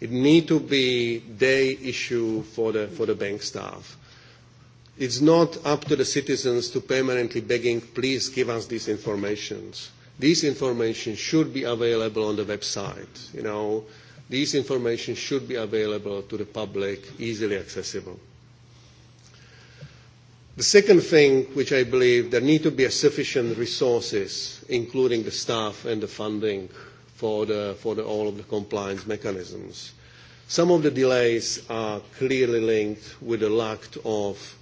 It needs to be day issue for the, for the bank staff. It's not up to the citizens to permanently begging, please give us these information. This information should be available on the website. You know, these information should be available to the public, easily accessible. The second thing, which I believe, there need to be sufficient resources, including the staff and the funding, for all of the compliance mechanisms. Some of the delays are clearly linked with the lack of,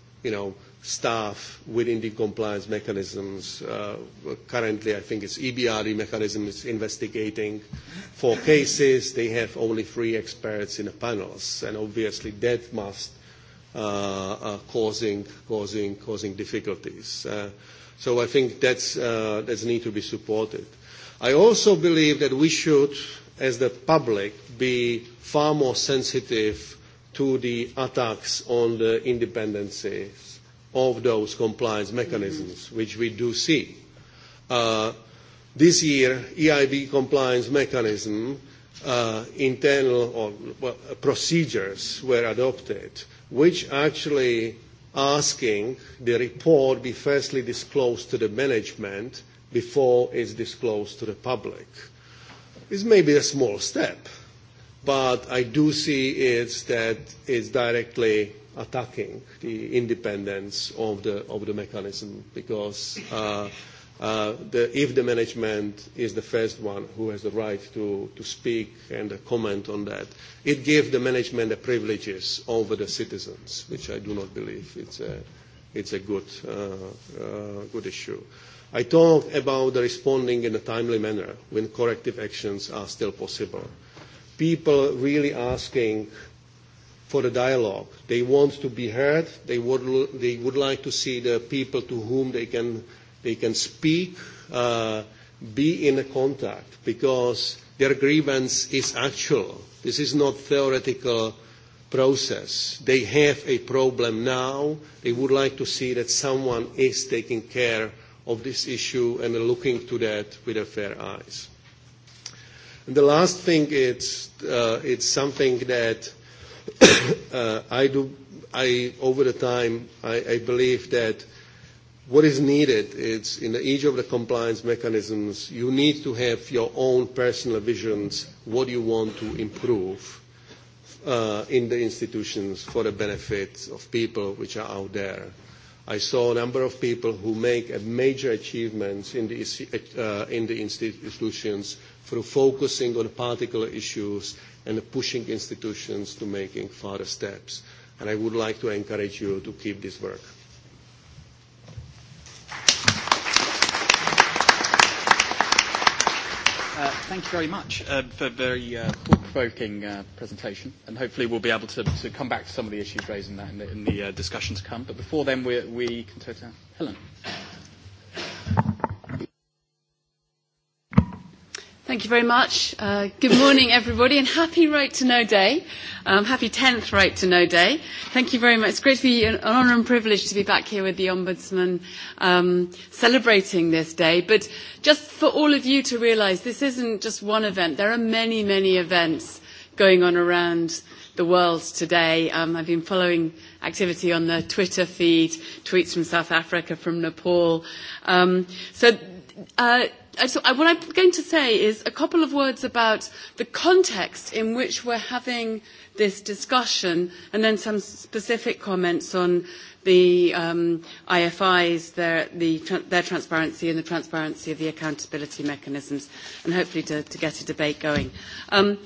staff within the compliance mechanisms. Currently, I think it's EBRD mechanism is investigating for cases. They have only three experts in the panels, and obviously that must causing difficulties. So I think that's that's need to be supported. I also believe that we should, as the public, be far more sensitive to the attacks on the independencies of those compliance mechanisms, which we do see. This year, EIB compliance mechanism internal procedures were adopted which actually asking the report be firstly disclosed to the management before it's disclosed to the public. This may be a small step, but I do see it's that it's directly attacking the independence of the of the mechanism because if the management is the first one who has the right to speak and comment on that. It gives the management the privileges over the citizens, which I do not believe it's a good issue. I talk about responding in a timely manner when corrective actions are still possible. People really asking for the dialogue. They want to be heard. They would like to see the people to whom they can they can speak, be in contact, because their grievance is actual. This is not theoretical process. They have a problem now. They would like to see that someone is taking care of this issue and looking to that with a fair eyes. And The last thing is it's something that I do I over the time I believe that what is needed is in each of the compliance mechanisms, you need to have your own personal visions, what you want to improve in the institutions for the benefit of people which are out there. I saw a number of people who make a major achievements in the institutions through focusing on particular issues and pushing institutions to making further steps. And I would like to encourage you to keep this work. Thank you very much for a very thought-provoking presentation, and hopefully we'll be able to come back to some of the issues raised in that in the discussion to come. But before then, we can turn to Helen. Thank you very much. Good morning, everybody, and happy Right to Know Day. Happy 10th Right to Know Day. Thank you very much. It's great to be an honour and privilege to be back here with the Ombudsman celebrating this day. But just for all of you to realise, this isn't just one event. There are many, many events going on around the world today. I've been following activity on the Twitter feed, tweets from South Africa, from Nepal. So so what I'm going to say is a couple of words about the context in which we're having this discussion and then some specific comments on the IFIs, their, the, their transparency and the transparency of the accountability mechanisms and hopefully to, to get a debate going. Um,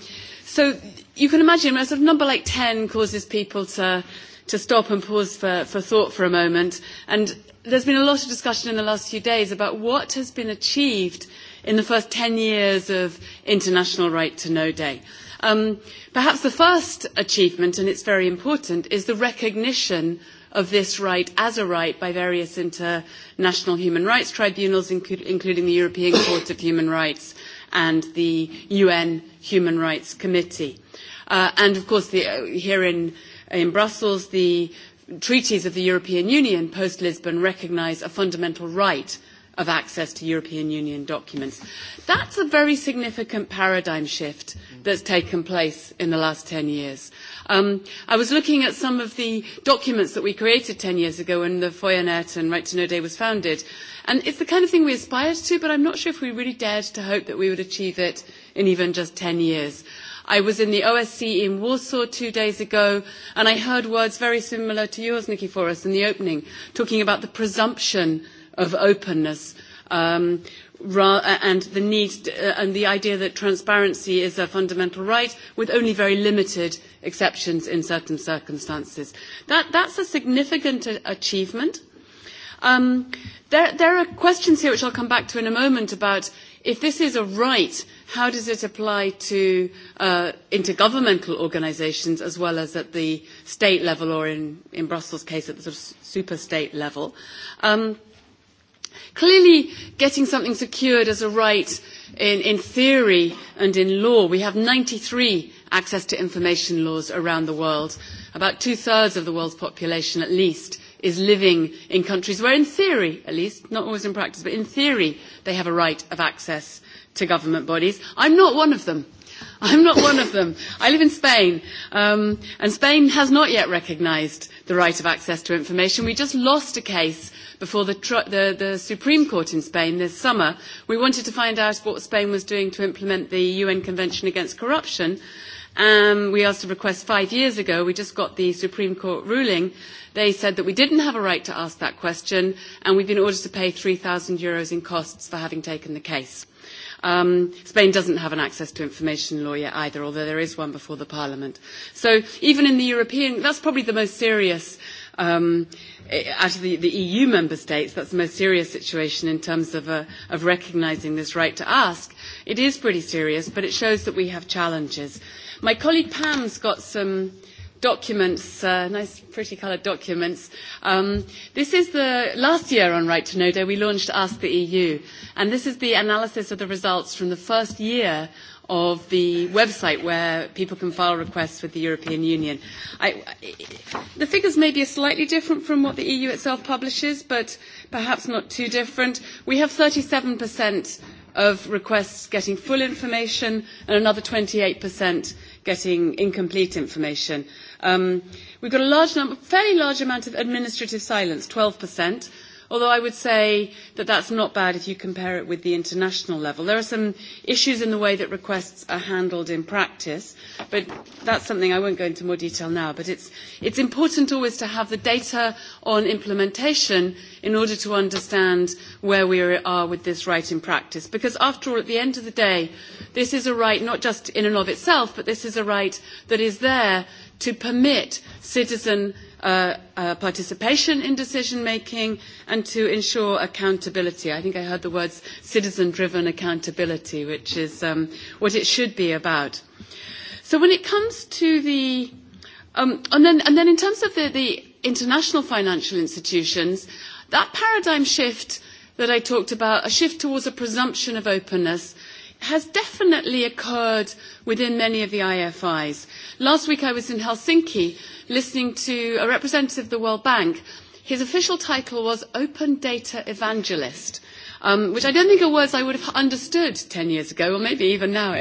so you can imagine a sort of number like 10 causes people to to stop and pause for thought for a moment. And there's been a lot of discussion in the last few days about what has been achieved in the first 10 years of International Right to Know Day. Perhaps the first achievement, and it's very important, is the recognition of this right as a right by various international human rights tribunals, including the European Court of Human Rights and the UN Human Rights Committee. And, of course, here in In Brussels, the treaties of the European Union post-Lisbon recognise a fundamental right of access to European Union documents. That's a very significant paradigm shift that's taken place in the last 10 years. I was looking at some of the documents that we created 10 years ago when the net and Right to Know Day was founded, and it's the kind of thing we aspired to, but I'm not sure if we really dared to hope that we would achieve it in even just 10 years. I was in the OSCE in Warsaw two days ago, and I heard words very similar to yours, Nikiforos, in the opening, talking about the presumption of openness and the need and the idea that transparency is a fundamental right with only very limited exceptions in certain circumstances. That's a significant achievement. There are questions here which I'll come back to in a moment about If this is a right, how does it apply to intergovernmental organisations as well as at the state level or in Brussels' case at the sort of super state level? Clearly, getting something secured as a right in theory and in law, we have 93 access to information laws around the world, about two-thirds of the world's population at least is living in countries where in theory at least not always in practice but in theory they have a right of access to government bodies i'm not one of them i'm not one of them i live in spain and spain has not yet recognised the right of access to information we just lost a case before the supreme court in spain this summer we wanted to find out what spain was doing to implement the un convention against corruption We asked a request five years ago. We just got the Supreme Court ruling. They said that we didn't have a right to ask that question, and we've been ordered to pay 3,000 euros in costs for having taken the case. Spain doesn't have an access to information law yet either, although there is one before the Parliament. So even in the European, that's probably the most serious out of the EU member states, that's the most serious situation in terms of recognising this right to ask. It is pretty serious, but it shows that we have challenges. My colleague Pam's got some documents, nice pretty coloured documents. This is the last year on Right to Know Day we launched Ask the EU and this is the analysis of the results from the first year of the website where people can file requests with the European Union. The figures may be slightly different from what the EU itself publishes, but perhaps not too different. We have 37% of requests getting full information and another 28% getting incomplete information. We've got a large number, fairly large amount of administrative silence, 12% although I would say that that's not bad if you compare it with the international level. There are some issues in the way that requests are handled in practice, but that's something I won't go into more detail now. But it's important always to have the data on implementation in order to understand where we are with this right in practice. Because after all, at the end of the day, this is a right not just in and of itself, but this is a right that is there to permit citizen participation in decision making and to ensure accountability. I think I heard the words citizen driven accountability, which is what it should be about. So when it comes to the and then and then in terms of the international financial institutions, that paradigm shift that I talked about, a shift towards a presumption of openness has definitely occurred within many of the IFIs. Last week I was in Helsinki listening to a representative of the World Bank. His official title was Open Data Evangelist, which I don't think are words I would have understood 10 years ago, or maybe even now.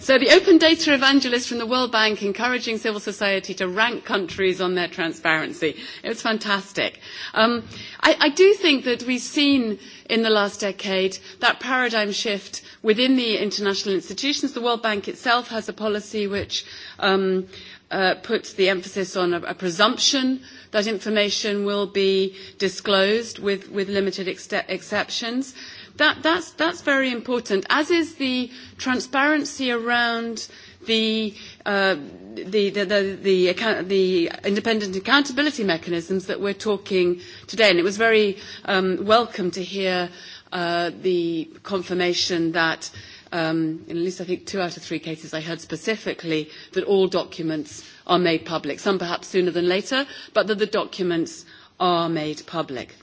So the Open Data Evangelist from the World Bank encouraging civil society to rank countries on their transparency. It was fantastic. I do think that we've seen in the last decade, that paradigm shift within the international institutions. The World Bank itself has a policy which puts the emphasis on a presumption that information will be disclosed with limited exceptions. That's very important, as is the transparency around the the independent accountability mechanisms that we're talking today. And it was very welcome to hear the confirmation that, in at least I think two out of three cases I heard specifically, that all documents are made public, some perhaps sooner than later, but that the documents are made public.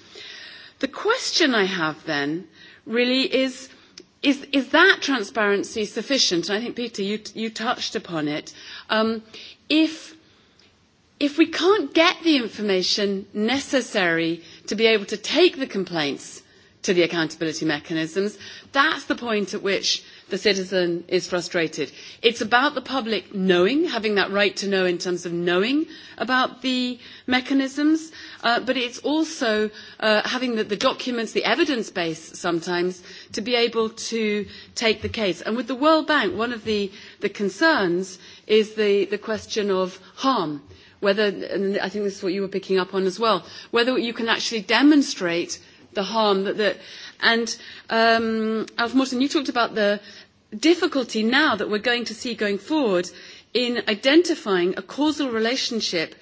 The question I have then really is Is is that transparency sufficient? And I think Peter, you you touched upon it. If if we can't get the information necessary to be able to take the complaints to the accountability mechanisms, that's the point at which the citizen is frustrated. It's about the public knowing, having that right to know in terms of knowing about the mechanisms, but it's also having the documents, the evidence base sometimes, to be able to take the case. And with the World Bank, one of the concerns is the question of harm, whether, and I think this is what you were picking up on as well, whether you can actually demonstrate the harm that. And Alf Morton, you talked about the difficulty now that we're going to see going forward in identifying a causal relationship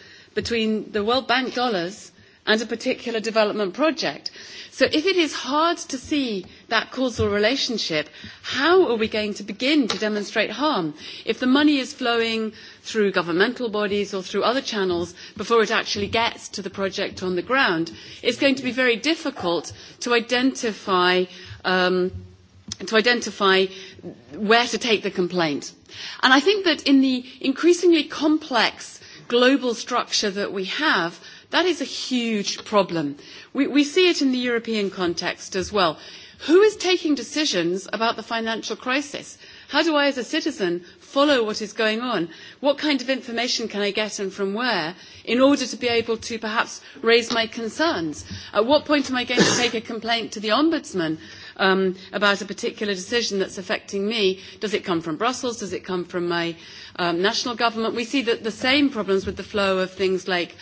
between the World Bank dollars and a particular development project. So if it is hard to see that causal relationship, how are we going to begin to demonstrate harm if the money is flowing through governmental bodies or through other channels before it actually gets to the project on the ground? It's going to be very difficult to identify to identify where to take the complaint. And I think that in the increasingly complex global structure that we have, that is a huge problem. We see it in the European context as well. Who is taking decisions about the financial crisis? How do I, as a citizen, follow what is going on? What kind of information can I get and from where in order to be able to perhaps raise my concerns? At what point am I going to take a complaint to the Ombudsman? about a particular decision that's affecting me. Does it come from Brussels? Does it come from my national government? We see that the same problems with the flow of things like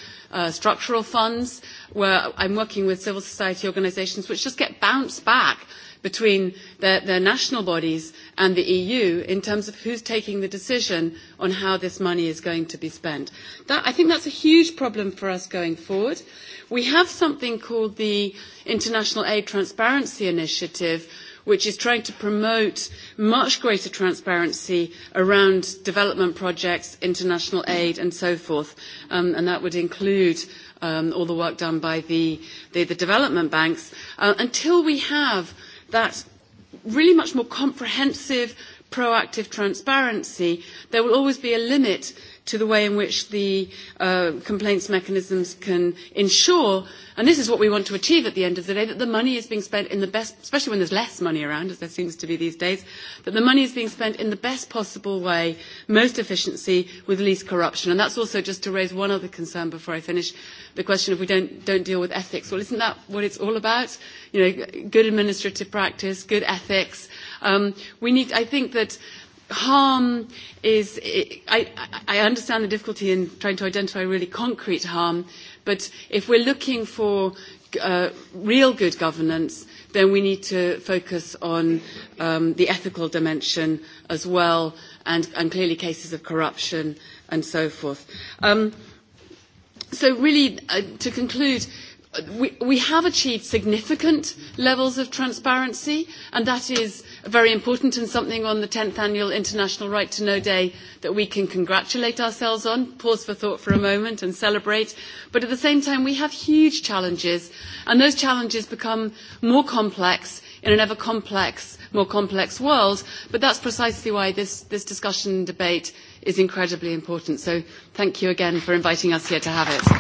structural funds, where I'm working with civil society organisations, which just get bounced back between their national bodies and the EU in terms of who's taking the decision on how this money is going to be spent. I think that's a huge problem for us going forward. We have something called the International Aid Transparency Initiative, which is trying to promote much greater transparency around development projects, international aid, and so forth. And that would include all the work done by the development banks. Until we have that really much more comprehensive, proactive transparency, there will always be a limit to the way in which the complaints mechanisms can ensure, and this is what we want to achieve at the end of the day, that the money is being spent in the best, especially when there's less money around, as there seems to be these days, that the money is being spent in the best possible way, most efficiency, with least corruption. And that's also just to raise one other concern before I finish, the question of we don't deal with ethics. Well, isn't that what it's all about? You know, good administrative practice, good ethics. We need, I think that harm is i i understand the difficulty in trying to identify really concrete harm but if we're looking for real good governance then we need to focus on the ethical dimension as well and and clearly cases of corruption and so forth um so really to conclude we have achieved significant levels of transparency and that is very important and something on the 10th Annual International Right to Know Day that we can congratulate ourselves on, pause for thought for a moment and celebrate. But at the same time, we have huge challenges, and those challenges become more complex in an ever complex, more complex world. But that's precisely why this discussion and debate is incredibly important. So thank you again for inviting us here to have it.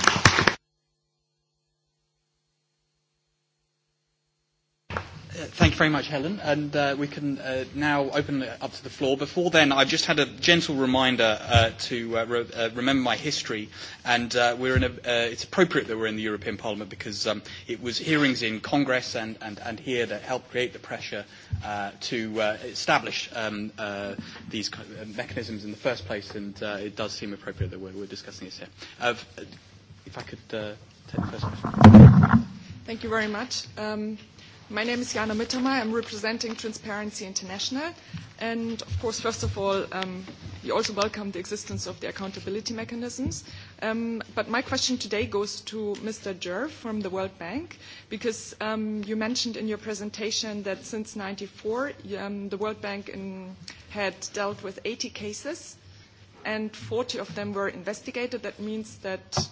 you very much, Helen. And we can uh, now open it up to the floor. Before then, I've just had a gentle reminder to uh, remember my history. And uh, we're in a, uh, it's appropriate that we're in the European Parliament because um, it was hearings in Congress and, and, and here that helped create the pressure uh, to uh, establish um, uh, these mechanisms in the first place. And uh, it does seem appropriate that we're, discussing this here. Uh, if I could uh, take the first question. Thank you very much. My name is Jana Mittermeier. I'm representing Transparency International. And, of course, first of all, we also welcome the existence of the accountability mechanisms. But my question today goes to Mr. Jer from the World Bank, because you mentioned in your presentation that since 1994, the World Bank had dealt with 80 cases, and 40 of them were investigated. That means that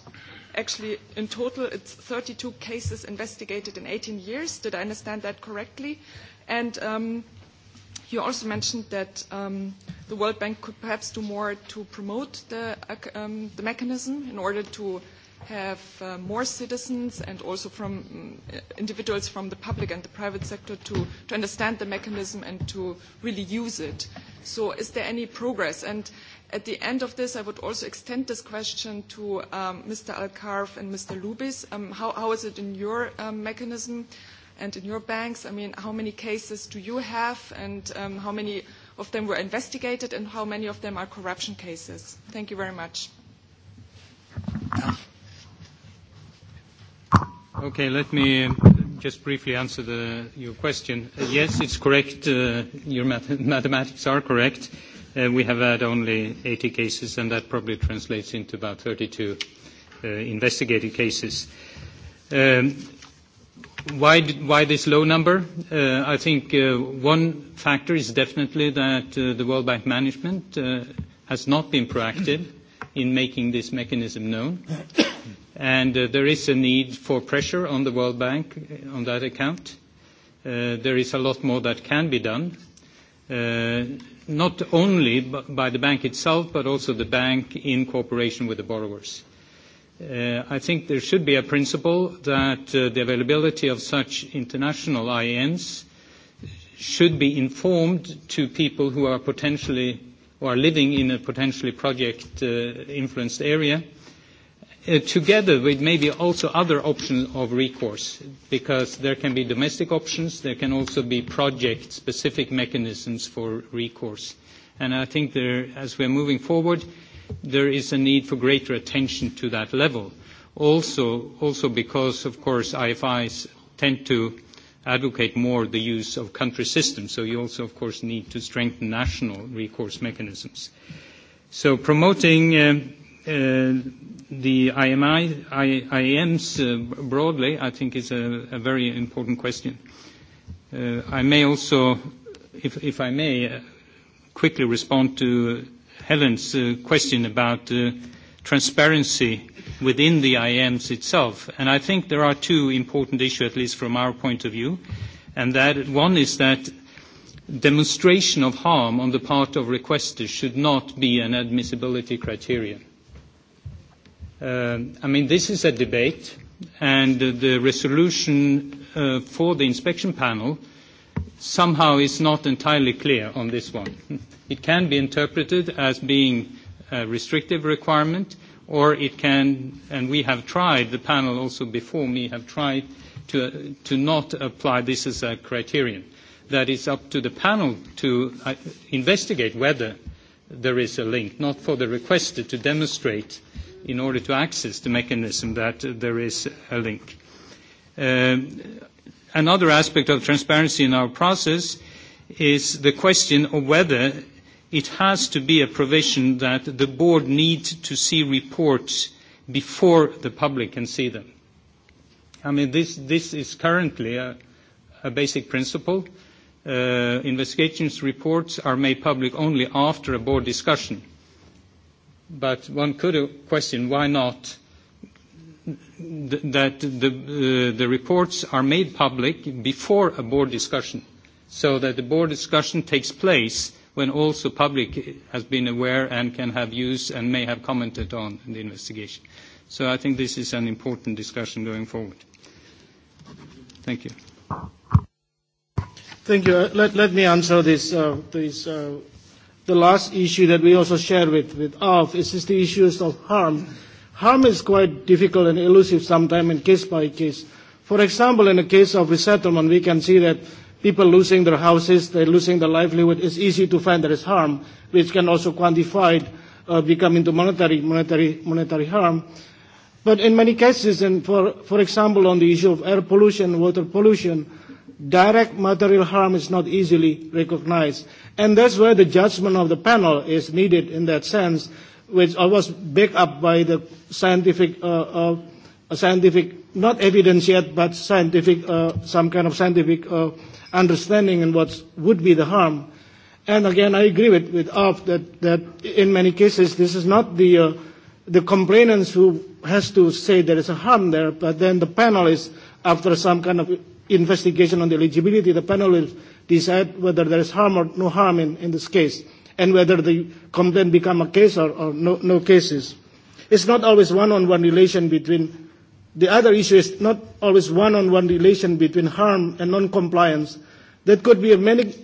actually in total it's 32 cases investigated in 18 years. Did I understand that correctly? And you also mentioned that the World Bank could perhaps do more to promote the mechanism in order to have more citizens and also from individuals from the public and the private sector to understand the mechanism and to really use it. So is there any progress? And At the end of this, I would also extend this question to Mr. Alkarf and Mr. Lubis. How is it in your mechanism and in your banks? I mean, how many cases do you have, and how many of them were investigated, and how many of them are corruption cases? Thank you very much. Okay, let me just briefly answer your question. Yes, it's correct. Your mathematics are correct. We have had only 80 cases, and that probably translates into about 32 investigated cases. Why this low number? I think one factor is definitely that the World Bank management has not been proactive in making this mechanism known. And there is a need for pressure on the World Bank on that account. There is a lot more that can be done not only by the bank itself, but also the bank in cooperation with the borrowers. I think there should be a principle that the availability of such international IENs should be informed to people who are potentially or are living in a potentially project-influenced area together with maybe also other options of recourse, because there can be domestic options, there can also be project-specific mechanisms for recourse. And I think there, as we are moving forward, there is a need for greater attention to that level. Also because, of course, IFIs tend to advocate more the use of country systems, so you also, of course, need to strengthen national recourse mechanisms. So promoting the IMs broadly, I think, is a very important question. I may also, if I may, quickly respond to Helen's question about transparency within the IMs itself. And I think there are two important issues, at least from our point of view. And that one is that demonstration of harm on the part of requesters should not be an admissibility criterion. I mean, this is a debate, and the resolution for the inspection panel somehow is not entirely clear on this one. It can be interpreted as being a restrictive requirement, or it can, and we have tried, the panel also before me have tried to not apply this as a criterion. That is up to the panel to investigate whether there is a link, not for the requester to demonstrate in order to access the mechanism that there is a link. Another aspect of transparency in our process is the question of whether it has to be a provision that the board needs to see reports before the public can see them. I mean, this is currently a basic principle. Investigations reports are made public only after a board discussion But one could question why not that the reports are made public before a board discussion, so that the board discussion takes place when also public has been aware and can have used and may have commented on the investigation. So I think this is an important discussion going forward. Thank you. Thank you. Let me answer these the last issue that we also share with with Alf is the issues of harm. Harm is quite difficult and elusive sometimes in case by case. For example, in the case of resettlement, we can see that people losing their houses, they're losing their livelihood. It's easy to find there is harm, which can also quantified become into monetary monetary monetary harm. But in many cases, and for for example, on the issue of air pollution, water pollution direct material harm is not easily recognized. And that's where the judgment of the panel is needed in that sense, which was backed up by the scientific, scientific, not evidence yet, but scientific, some kind of scientific understanding in what would be the harm. And again, I agree with, with Alf that, that in many cases this is not the, the complainants who has to say there is a harm there, but then the panel is, after some kind of investigation on the eligibility, the panel will decide whether there is harm or no harm in, in this case and whether the complaint become a case or, or no, no cases. It's not always one-on-one relation between, the other issue is not always one-on-one relation between harm and non-compliance. There could be in many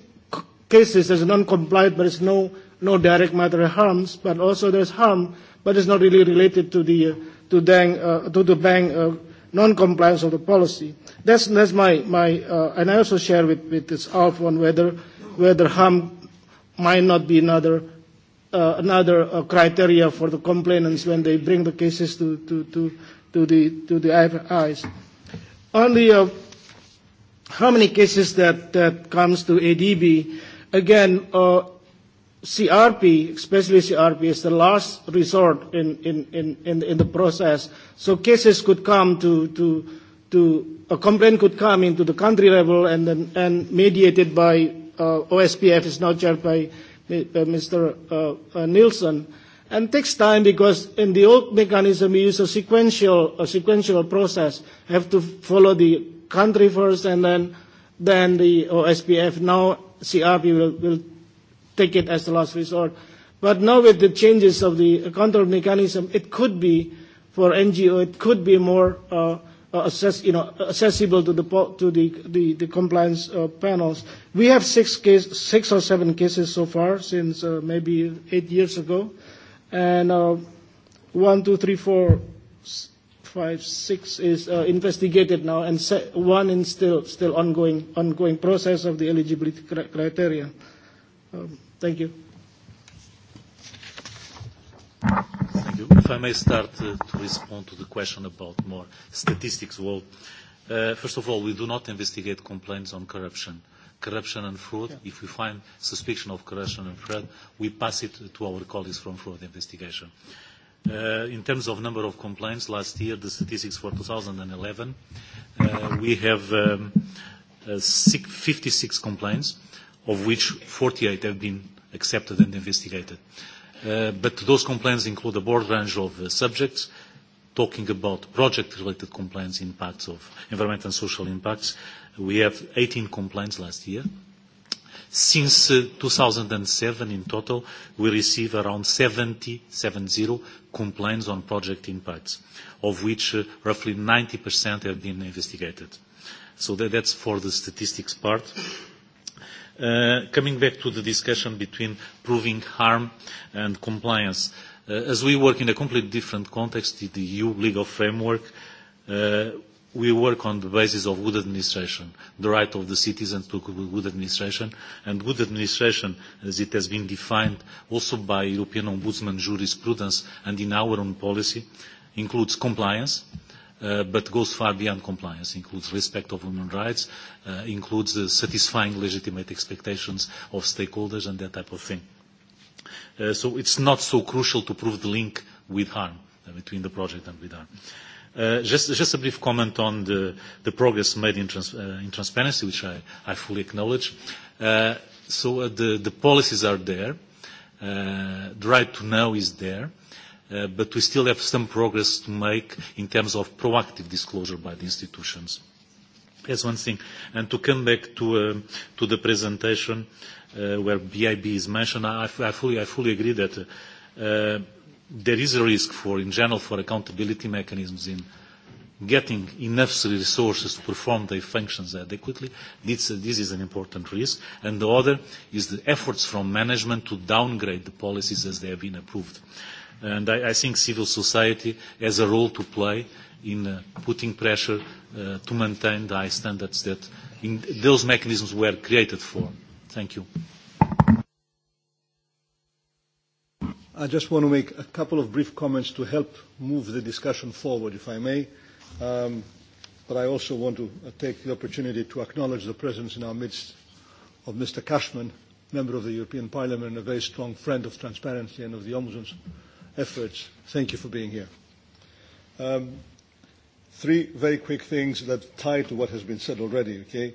cases as non-compliant, but it's no, no direct matter of harms, but also there's harm, but it's not really related to the, to, dang, uh, to the bank uh, non-compliance of the policy. That's that's my my and I also share with with this Alf on whether whether harm might not be another another criteria for the complainants when they bring the cases to to to to the to the IFIs. On the how many cases that that comes to ADB, again CRP, especially CRP, is the last resort in in in in in the process. So cases could come to to to a complaint could come into the country level and then and mediated by OSPF is now chaired by Mr. Nielsen and takes time because in the old mechanism we use a sequential a sequential process. Have to follow the country first and then then the OSPF now CRP will will take it as the last resort. But now with the changes of the control mechanism, it could be for NGO, it could be more accessible to the to the the compliance panels. We have six six or seven cases so far since maybe eight years ago. And one, two, three, four, five, six is investigated now, and one is still still ongoing process of the eligibility criteria. Thank you. Thank you. If I may start to respond to the question about more statistics. Well, first of all, we do not investigate complaints on corruption. Corruption and fraud, if we find suspicion of corruption and fraud, we pass it to our colleagues from fraud investigation. In terms of number of complaints, last year, the statistics for 2011, we have 56 complaints of which 48 have been accepted and investigated. But those complaints include a broad range of subjects, talking about project-related complaints, impacts of environmental and social impacts. We have 18 complaints last year. Since 2007 in total, we received around 70 complaints on project impacts, of which roughly 90% have been investigated. So that's for the statistics part. Coming back to the discussion between proving harm and compliance, as we work in a completely different context, the EU legal framework, we work on the basis of good administration, the right of the citizens to good administration, and good administration, as it has been defined also by European Ombudsman jurisprudence and in our own policy, includes compliance but goes far beyond compliance, includes respect of human rights, includes satisfying legitimate expectations of stakeholders and that type of thing. So it's not so crucial to prove the link with harm, between the project and with harm. Just a brief comment on the progress made in transparency, which I fully acknowledge. So the policies are there. The right to know is there but we still have some progress to make in terms of proactive disclosure by the institutions. That's one thing. And to come back to the presentation where BIB is mentioned, I fully agree that there is a risk for, in general, for accountability mechanisms in getting enough resources to perform their functions adequately. This is an important risk. And the other is the efforts from management to downgrade the policies as they have been approved and I think civil society has a role to play in putting pressure to maintain the high standards that those mechanisms were created for. Thank you. I just want to make a couple of brief comments to help move the discussion forward, if I may. But I also want to take the opportunity to acknowledge the presence in our midst of Mr. Cashman, member of the European Parliament, and a very strong friend of transparency and of the Ombudsman's efforts. Thank you for being here. Um, three very quick things that tie to what has been said already, okay?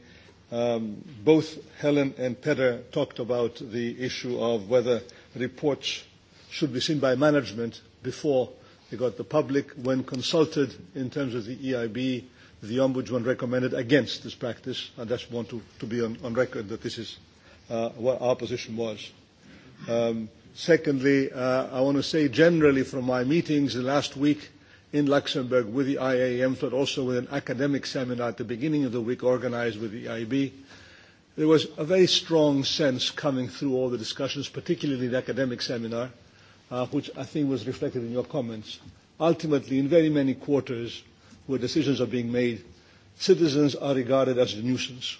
Um, both Helen and Peter talked about the issue of whether reports should be seen by management before they got the public. When consulted in terms of the EIB, the Ombudsman recommended against this practice. I just want to, to be on, on record that this is uh, what our position was. Um, Secondly, I want to say generally from my meetings last week in Luxembourg with the IAM, but also with an academic seminar at the beginning of the week organized with the IB, there was a very strong sense coming through all the discussions, particularly the academic seminar, which I think was reflected in your comments. Ultimately, in very many quarters where decisions are being made, citizens are regarded as a nuisance.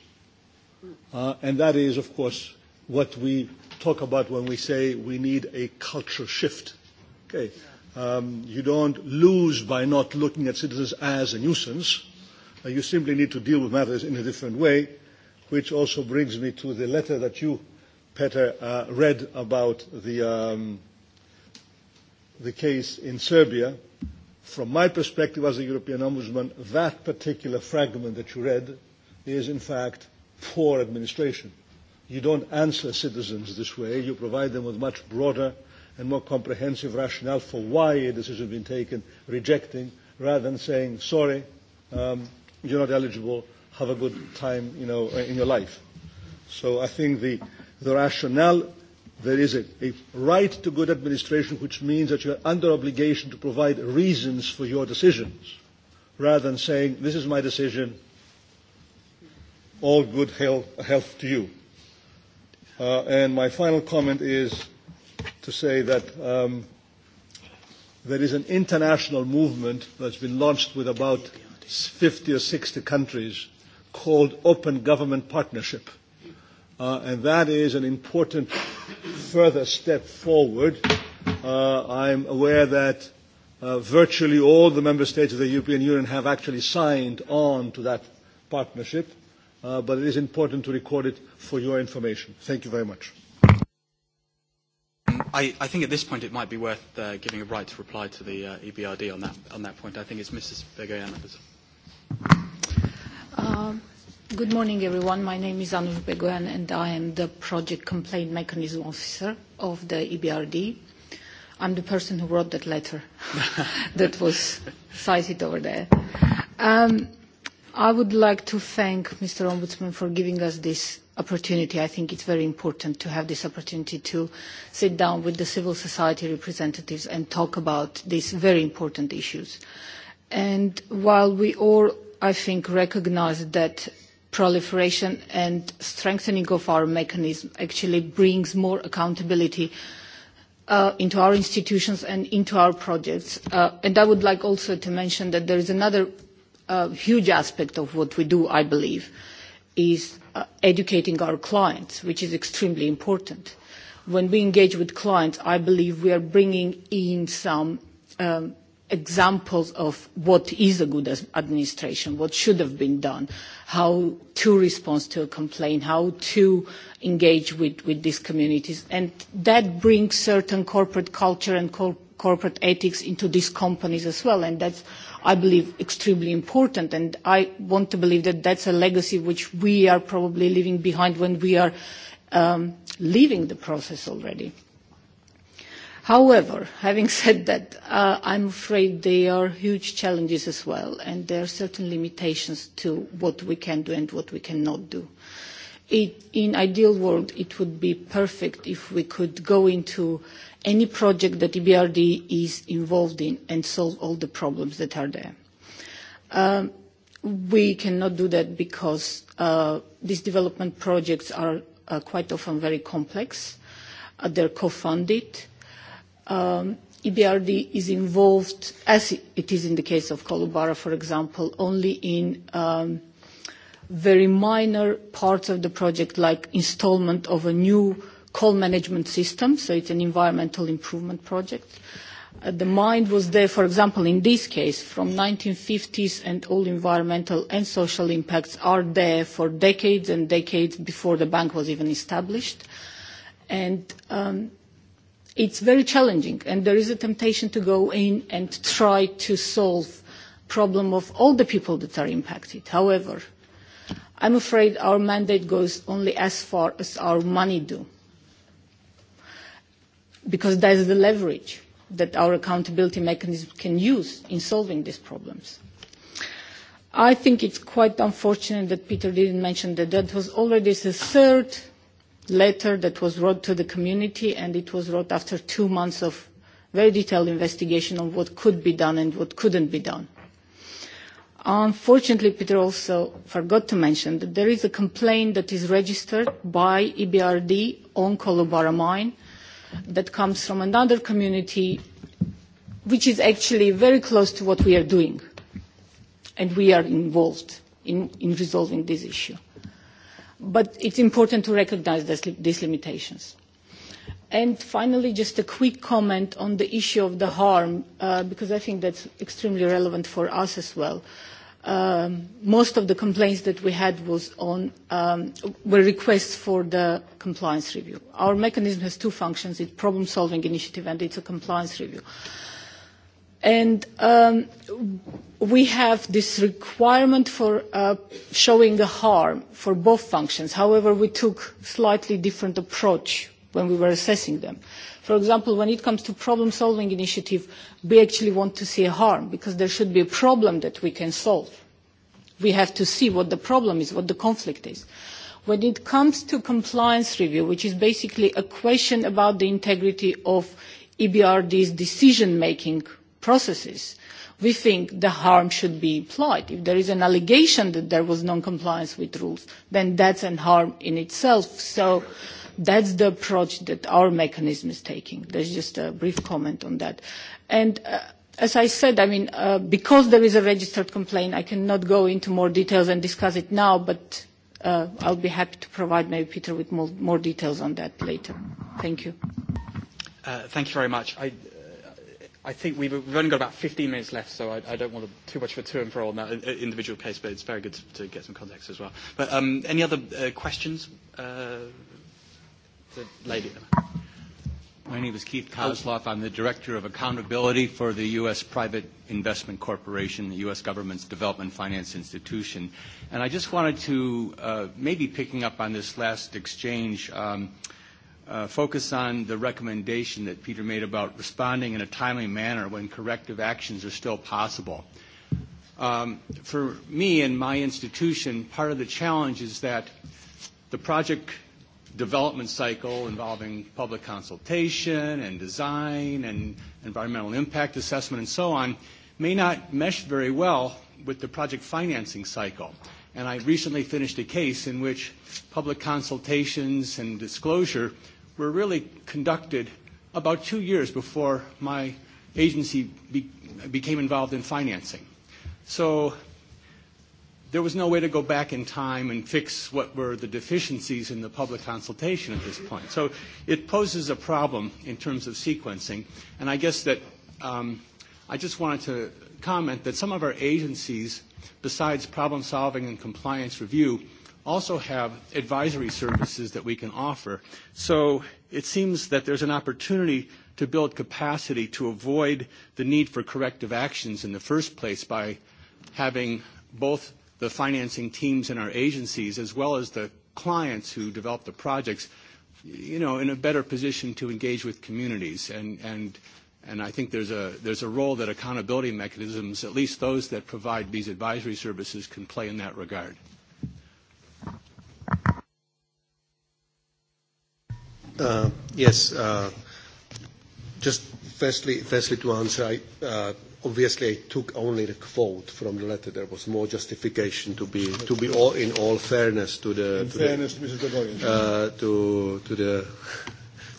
And that is, of course, what we talk about when we say we need a cultural shift. Okay. You don't lose by not looking at citizens as a nuisance. You simply need to deal with matters in a different way, which also brings me to the letter that you, Peter, read about the the case in Serbia. From my perspective as a European Ombudsman, that particular fragment that you read is, in fact, poor administration. You don't answer citizens this way. You provide them with much broader and more comprehensive rationale for why a decision has been taken, rejecting, rather than saying, sorry, um, you're not eligible, have a good time you know, in your life. So I think the, the rationale, there is a, right to good administration, which means that you are under obligation to provide reasons for your decisions, rather than saying, this is my decision, all good health to you. And my final comment is to say that there is an international movement that's been launched with about 50 or 60 countries called Open Government Partnership. And that is an important further step forward. I'm aware that virtually all the member states of the European Union have actually signed on to that partnership but it is important to record it for your information. Thank you very much. I, I think at this point it might be worth giving a right to reply to the EBRD on that, on that point. I think it's Mrs. Begoyan. Good morning, everyone. My name is Anush Begoyan, and I am the Project Complaint Mechanism Officer of the EBRD. I'm the person who wrote that letter that was cited over there. Um, I would like to thank Mr. Ombudsman for giving us this opportunity. I think it's very important to have this opportunity to sit down with the civil society representatives and talk about these very important issues. And while we all, I think, recognize that proliferation and strengthening of our mechanism actually brings more accountability into our institutions and into our projects. And I would like also to mention that there is another a huge aspect of what we do, I believe, is educating our clients, which is extremely important. When we engage with clients, I believe we are bringing in some examples of what is a good administration, what should have been done, how to respond to a complaint, how to engage with these communities. And that brings certain corporate culture and corporate ethics into these companies as well. And that's I believe, extremely important. And I want to believe that that's a legacy which we are probably leaving behind when we are leaving the process already. However, having said that, I'm afraid there are huge challenges as well, and there are certain limitations to what we can do and what we cannot do. In ideal world, it would be perfect if we could go into any project that EBRD is involved in and solve all the problems that are there. We cannot do that because these development projects are quite often very complex. They're co-funded. EBRD is involved, as it is in the case of Kolubara, for example, only in very minor parts of the project like installment of a new coal management system, so it's an environmental improvement project. The mind was there, for example, in this case, from 1950s and all environmental and social impacts are there for decades and decades before the bank was even established. And it's very challenging, and there is a temptation to go in and try to solve the problem of all the people that are impacted. However, I'm afraid our mandate goes only as far as our money do, because that is the leverage that our accountability mechanism can use in solving these problems. I think it's quite unfortunate that Peter didn't mention that that was already the third letter that was wrote to the community, and it was wrote after two months of very detailed investigation on what could be done and what couldn't be done. Unfortunately, Peter also forgot to mention that there is a complaint that is registered by EBRD on Kolubara mine that comes from another community, which is actually very close to what we are doing. And we are involved in resolving this issue. But it's important to recognize these limitations. And finally, just a quick comment on the issue of the harm, because I think that's extremely relevant for us as well most of the complaints that we had was on were requests for the compliance review. Our mechanism has two functions: it's problem-solving initiative and it's a compliance review. And we have this requirement for showing the harm for both functions. However, we took slightly different approach when we were assessing them. For example, when it comes to problem-solving initiative, we actually want to see harm because there should be a problem that we can solve. We have to see what the problem is, what the conflict is. When it comes to compliance review, which is basically a question about the integrity of EBRD's decision-making processes, we think the harm should be applied. If there is an allegation that there was non-compliance with rules, then that's a harm in itself. So That's the approach that our mechanism is taking. There's just a brief comment on that. And as I said, I mean, because there is a registered complaint, I cannot go into more details and discuss it now, but I'll be happy to provide maybe Peter with more details on that later. Thank you. Thank you very much. I think we've only got about 15 minutes left, so I don't want too much of a to and fro on that individual case, but it's very good to get some context as well. But any other questions the lady. My name is Keith Kosloff. I'm the Director of Accountability for the U.S. Private Investment Corporation, the U.S. government's development finance institution. And I just wanted to, maybe picking up on this last exchange, focus on the recommendation that Peter made about responding in a timely manner when corrective actions are still possible. For me and my institution, part of the challenge is that the project development cycle involving public consultation and design and environmental impact assessment and so on may not mesh very well with the project financing cycle. And I recently finished a case in which public consultations and disclosure were really conducted about two years before my agency became involved in financing. So there was no way to go back in time and fix what were the deficiencies in the public consultation at this point. So it poses a problem in terms of sequencing. And I guess that I just wanted to comment that some of our agencies, besides problem solving and compliance review, also have advisory services that we can offer. So it seems that there's an opportunity to build capacity to avoid the need for corrective actions in the first place by having both the financing teams in our agencies, as well as the clients who develop the projects, you know, in a better position to engage with communities. And, I think there's a, there's a role that accountability mechanisms, at least those that provide these advisory services, can play in that regard. Yes. Just firstly to answer, Obviously, I took only the quote from the letter. There was more justification to be to be all in all fairness to the to fairness to Mrs. to to the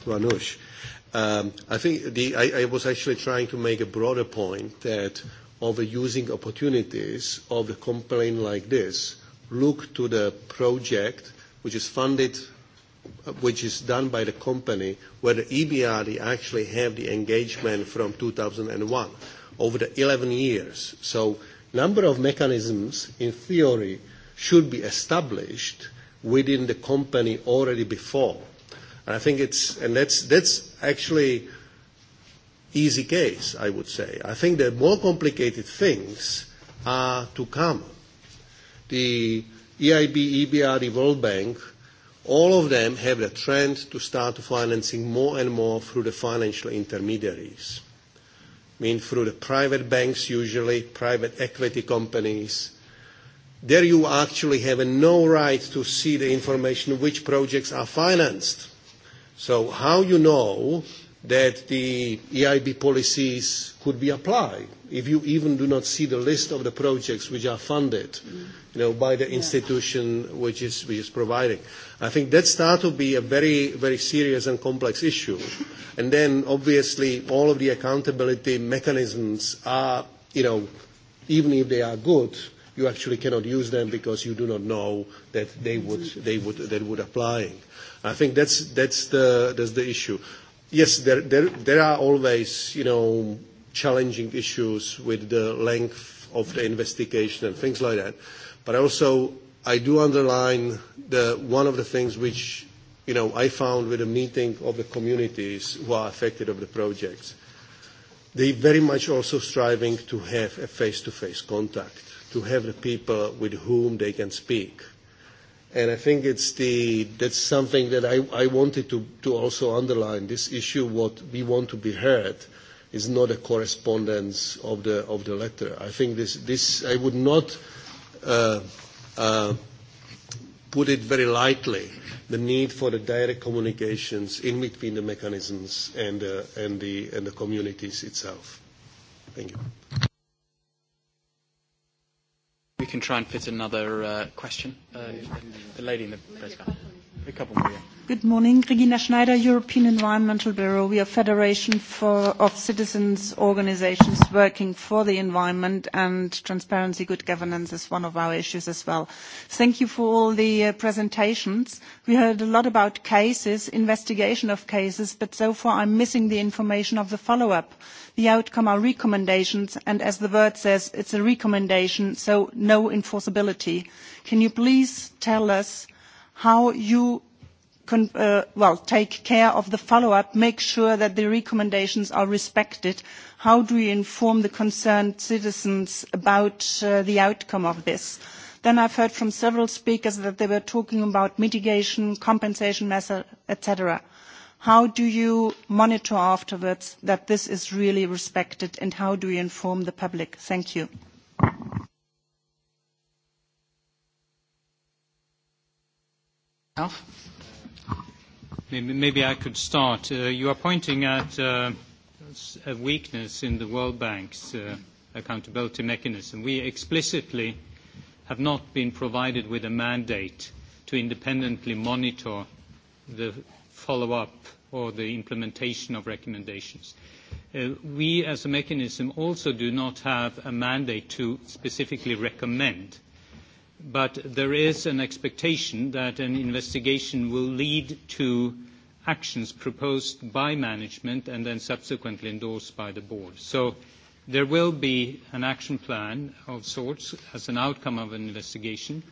to Um I think the I I was actually trying to make a broader point that overusing opportunities of a complaint like this, look to the project which is funded which is done by the company where the EBRD actually have the engagement from 2001 over the 11 years. So number of mechanisms, in theory, should be established within the company already before. And I think it's, and that's, that's actually easy case, I would say. I think the more complicated things are to come. The EIB, EBRD, World Bank, all of them have a trend to start financing more and more through the financial intermediaries mean through the private banks usually, private equity companies. There you actually have no right to see the information which projects are financed. So how you know that the EIB policies could be applied. If you even do not see the list of the projects which are funded by the institution which is providing. I think that starts to be a very, very serious and complex issue. And then, obviously, all of the accountability mechanisms are, you know, even if they are good, you actually cannot use them because you do not know that they would they would would apply. I think that's that's the that's the issue. Yes, there there are always, you know, challenging issues with the length of the investigation and things like that. But also, I do underline the one of the things which, you know, I found with the meeting of the communities who are affected of the projects. They very much also striving to have a face-to-face contact, to have the people with whom they can speak And I think it's the that's something that I I wanted to to also underline this issue. What we want to be heard is not a correspondence of the of the letter. I think this this I would not put it very lightly the need for the direct communications in between the mechanisms and and the and the communities itself. Thank you. We can try and fit another question. The lady in the press A couple more. Good morning. Regina Schneider, European Environmental Bureau. We are a federation of citizens' organizations working for the environment, and transparency, good governance is one of our issues as well. Thank you for all the presentations. We heard a lot about cases, investigation of cases, but so far I'm missing the information of the follow-up the outcome are recommendations and as the word says it's a recommendation so no enforceability can you please tell us how you take care of the follow up make sure that the recommendations are respected how do you inform the concerned citizens about the outcome of this then i've heard from several speakers that they were talking about mitigation compensation measures, etc How do you monitor afterwards that this is really respected and how do you inform the public? Thank you. Maybe I could start. You are pointing at a weakness in the World Bank's accountability mechanism. We explicitly have not been provided with a mandate to independently monitor the follow-up or the implementation of recommendations. We, as a mechanism, also do not have a mandate to specifically recommend, but there is an expectation that an investigation will lead to actions proposed by management and then subsequently endorsed by the board. So there will be an action plan of sorts as an outcome of an investigation,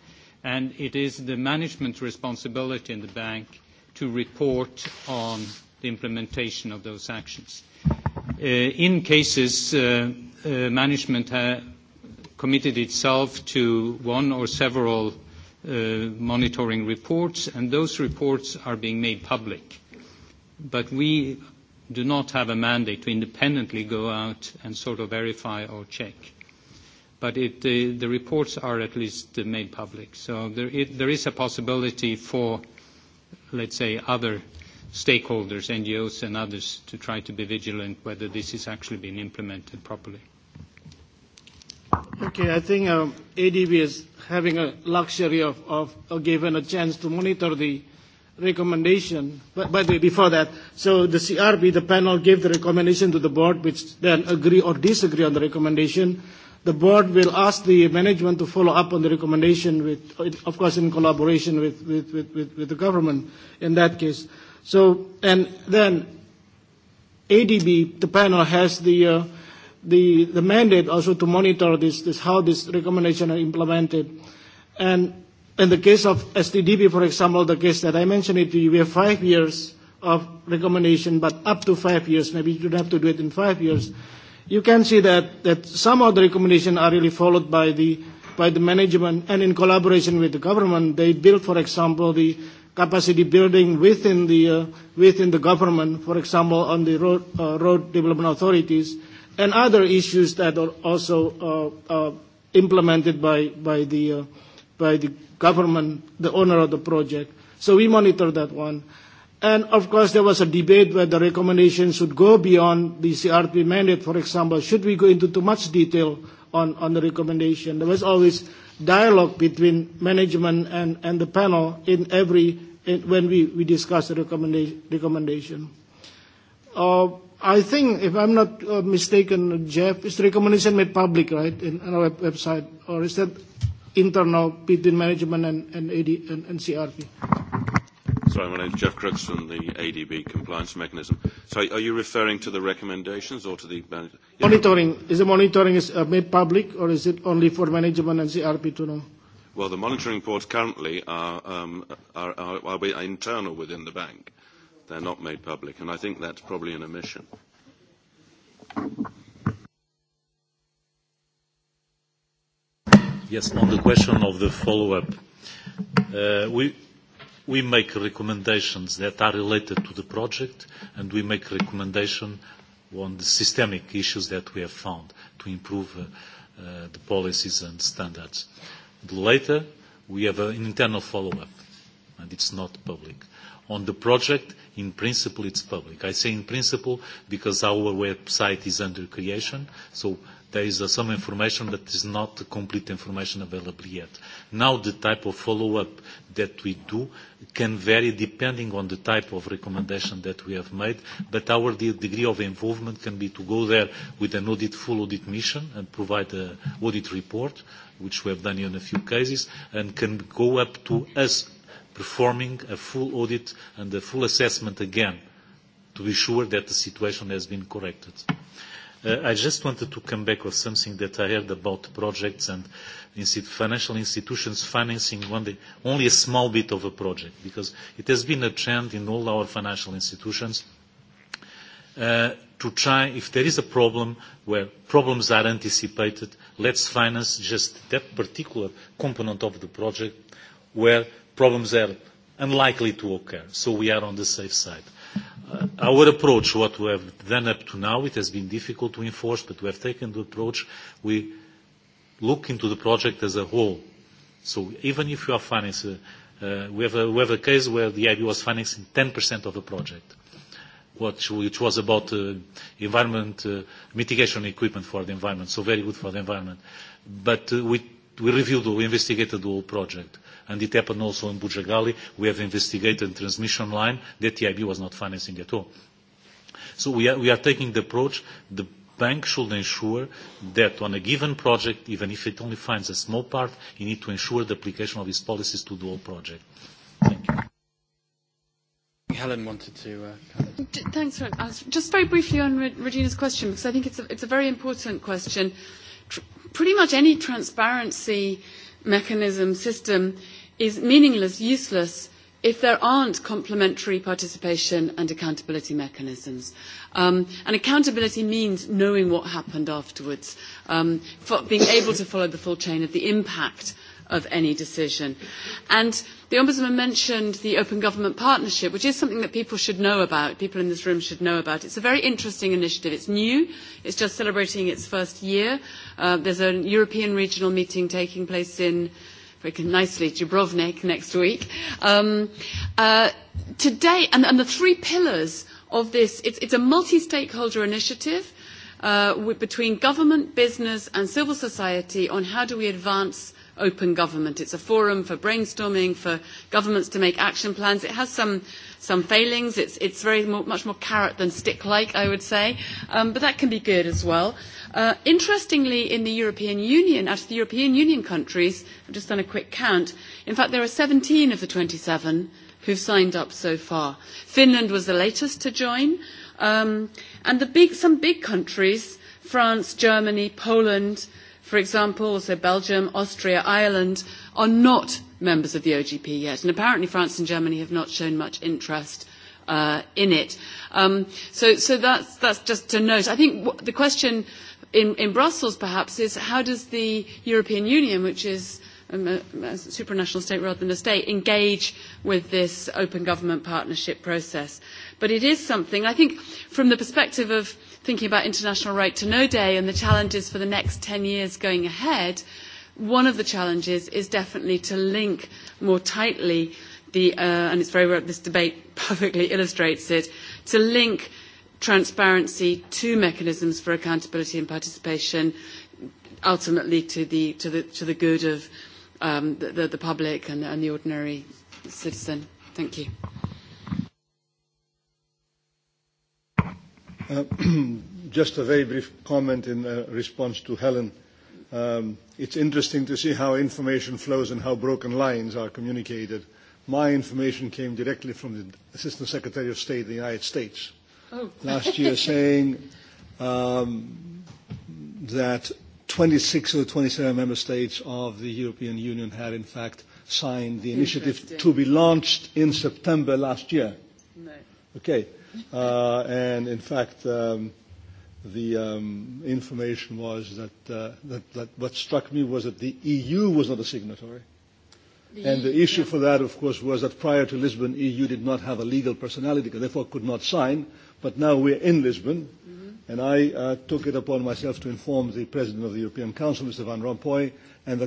and it is the management responsibility in the bank to report on the implementation of those actions. In cases, management has committed itself to one or several monitoring reports, and those reports are being made public. But we do not have a mandate to independently go out and sort of verify or check. But the reports are at least made public. So there is a possibility for let's say, other stakeholders, NGOs and others, to try to be vigilant whether this is actually being implemented properly. Okay, I think ADB is having a luxury of given a chance to monitor the recommendation. But by the way, before that, so the CRB, the panel, gave the recommendation to the board, which then agree or disagree on the recommendation the board will ask the management to follow up on the recommendation, with, of course, in collaboration with, with, with, with the government in that case. So, and then ADB, the panel, has the, the, the mandate also to monitor this, this, how this recommendation are implemented. And in the case of STDB, for example, the case that I mentioned it to you, we have five years of recommendation, but up to five years. Maybe you don't have to do it in five years you can see that, that some of the recommendations are really followed by the, by the management and in collaboration with the government. They build, for example, the capacity building within the, within the government, for example, on the road, road development authorities and other issues that are also implemented by, by, the, by the government, the owner of the project. So we monitor that one. And of course, there was a debate whether the recommendation should go beyond the CRP mandate. For example, should we go into too much detail on, on the recommendation? There was always dialogue between management and, and the panel in every in, when we, we discussed the recommendation. I think, if I'm not mistaken, Jeff, is the recommendation made public, right, in, on our website, or is that internal between management and, and CRP? Sorry, my name is Jeff Crooks from the ADB compliance mechanism. So are you referring to the recommendations or to the... Monitoring. Is the monitoring made public or is it only for management and CRP to know? Well, the monitoring reports currently are, are, are, internal within the bank. They're not made public, and I think that's probably an omission. Yes, on the question of the follow-up. we, we make recommendations that are related to the project and we make recommendations on the systemic issues that we have found to improve the policies and standards. Later, we have an internal follow-up, and it's not public. On the project, in principle, it's public. I say in principle because our website is under creation, so there is some information that is not complete information available yet. Now the type of follow-up that we do can vary depending on the type of recommendation that we have made, but our degree of involvement can be to go there with an audit, full audit mission and provide an audit report, which we have done in a few cases, and can go up to us performing a full audit and a full assessment again to be sure that the situation has been corrected. I just wanted to come back on something that I heard about projects and financial institutions financing only a small bit of a project, because it has been a trend in all our financial institutions to try, if there is a problem where problems are anticipated, let's finance just that particular component of the project where problems are unlikely to occur, so we are on the safe side. Our approach, what we have done up to now, it has been difficult to enforce, but we have taken the approach we look into the project as a whole. So even if you are financing, we have a case where the IB was financing 10% of the project, which was about environment mitigation equipment for the environment, so very good for the environment. But we reviewed, we investigated the whole project and it happened also in Bujagali. We have investigated transmission line that the EIB was not financing at all. So we are taking the approach the bank should ensure that on a given project, even if it only finds a small part, you need to ensure the application of its policies to the whole project. Thank you. Helen wanted to. Thanks, Just very briefly on Regina's question, because I think it's a very important question. Pretty much any transparency mechanism, system is meaningless, useless, if there aren't complementary participation and accountability mechanisms. And accountability means knowing what happened afterwards, being able to follow the full chain of the impact of any decision. And the Ombudsman mentioned the Open Government Partnership, which is something that people should know about, people in this room should know about. It's a very interesting initiative. It's new. It's just celebrating its first year. There's a European regional meeting taking place in Very nicely, Dubrovnik next week. Today, and the three pillars of this, it's a multi-stakeholder initiative between government, business and civil society on how do we advance open government. It's a forum for brainstorming, for governments to make action plans. It has some failings. It's very much more carrot than stick like, I would say, but that can be good as well. Interestingly, in the European Union, out of the European Union countries, I've just done a quick count. In fact, there are 17 of the 27 who've signed up so far. Finland was the latest to join, and some big countries. France, Germany, Poland, For example, so Belgium, Austria, Ireland are not members of the OGP yet, and apparently France and Germany have not shown much interest in it. So that's just to note. I think the question in Brussels perhaps is how does the European Union, which is a supranational state rather than a state, engage with this open government partnership process. But it is something, I think, from the perspective of thinking about International Right to no Day and the challenges for the next 10 years going ahead, one of the challenges is definitely to link more tightly the, and it's very this debate perfectly illustrates it, to link transparency to mechanisms for accountability and participation, ultimately to the, to the, good of the, the public and, and the ordinary citizen. Thank you. Just a very brief comment in response to Helen. It's interesting to see how information flows and how broken lines are communicated. My information came directly from the Assistant Secretary of State of the United States last year saying that 26 the 27 member states of the European Union had in fact signed the initiative to be launched in September last year. Okay and in fact the information was that that what struck me was that the EU was not a signatory. And the issue for that, of course, was that prior to Lisbon, EU did not have a legal personality, therefore could not sign. But now we're in Lisbon, and I took it upon myself to inform the President of the European Council, Mr. Van Rompuy, and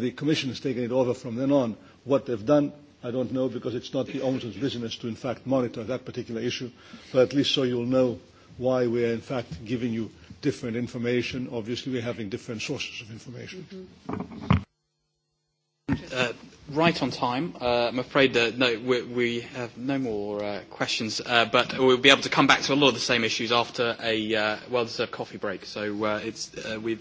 the Commission has taken it over from then on, what they've done, I don't know because it's not the Ombudsman's business to in fact monitor that particular issue, but at least so you'll know why we are in fact giving you different information. Obviously, we're having different sources of information. Right on time. I'm afraid that no, we have no more questions, but we'll be able to come back to a lot of the same issues after a well-deserved coffee break. So it's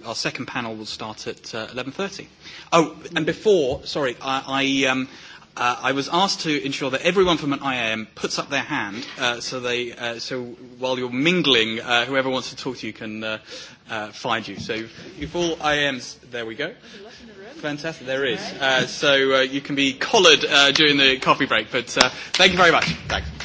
our second panel will start at 11:30. Oh, and before, sorry, I I was asked to ensure that everyone from an IAM puts up their hand so they so while you're mingling, whoever wants to talk to you can find you. So if all IAMs, there we go. Fantastic, there is. So you can be collared during the coffee break. But thank you very much. Thanks.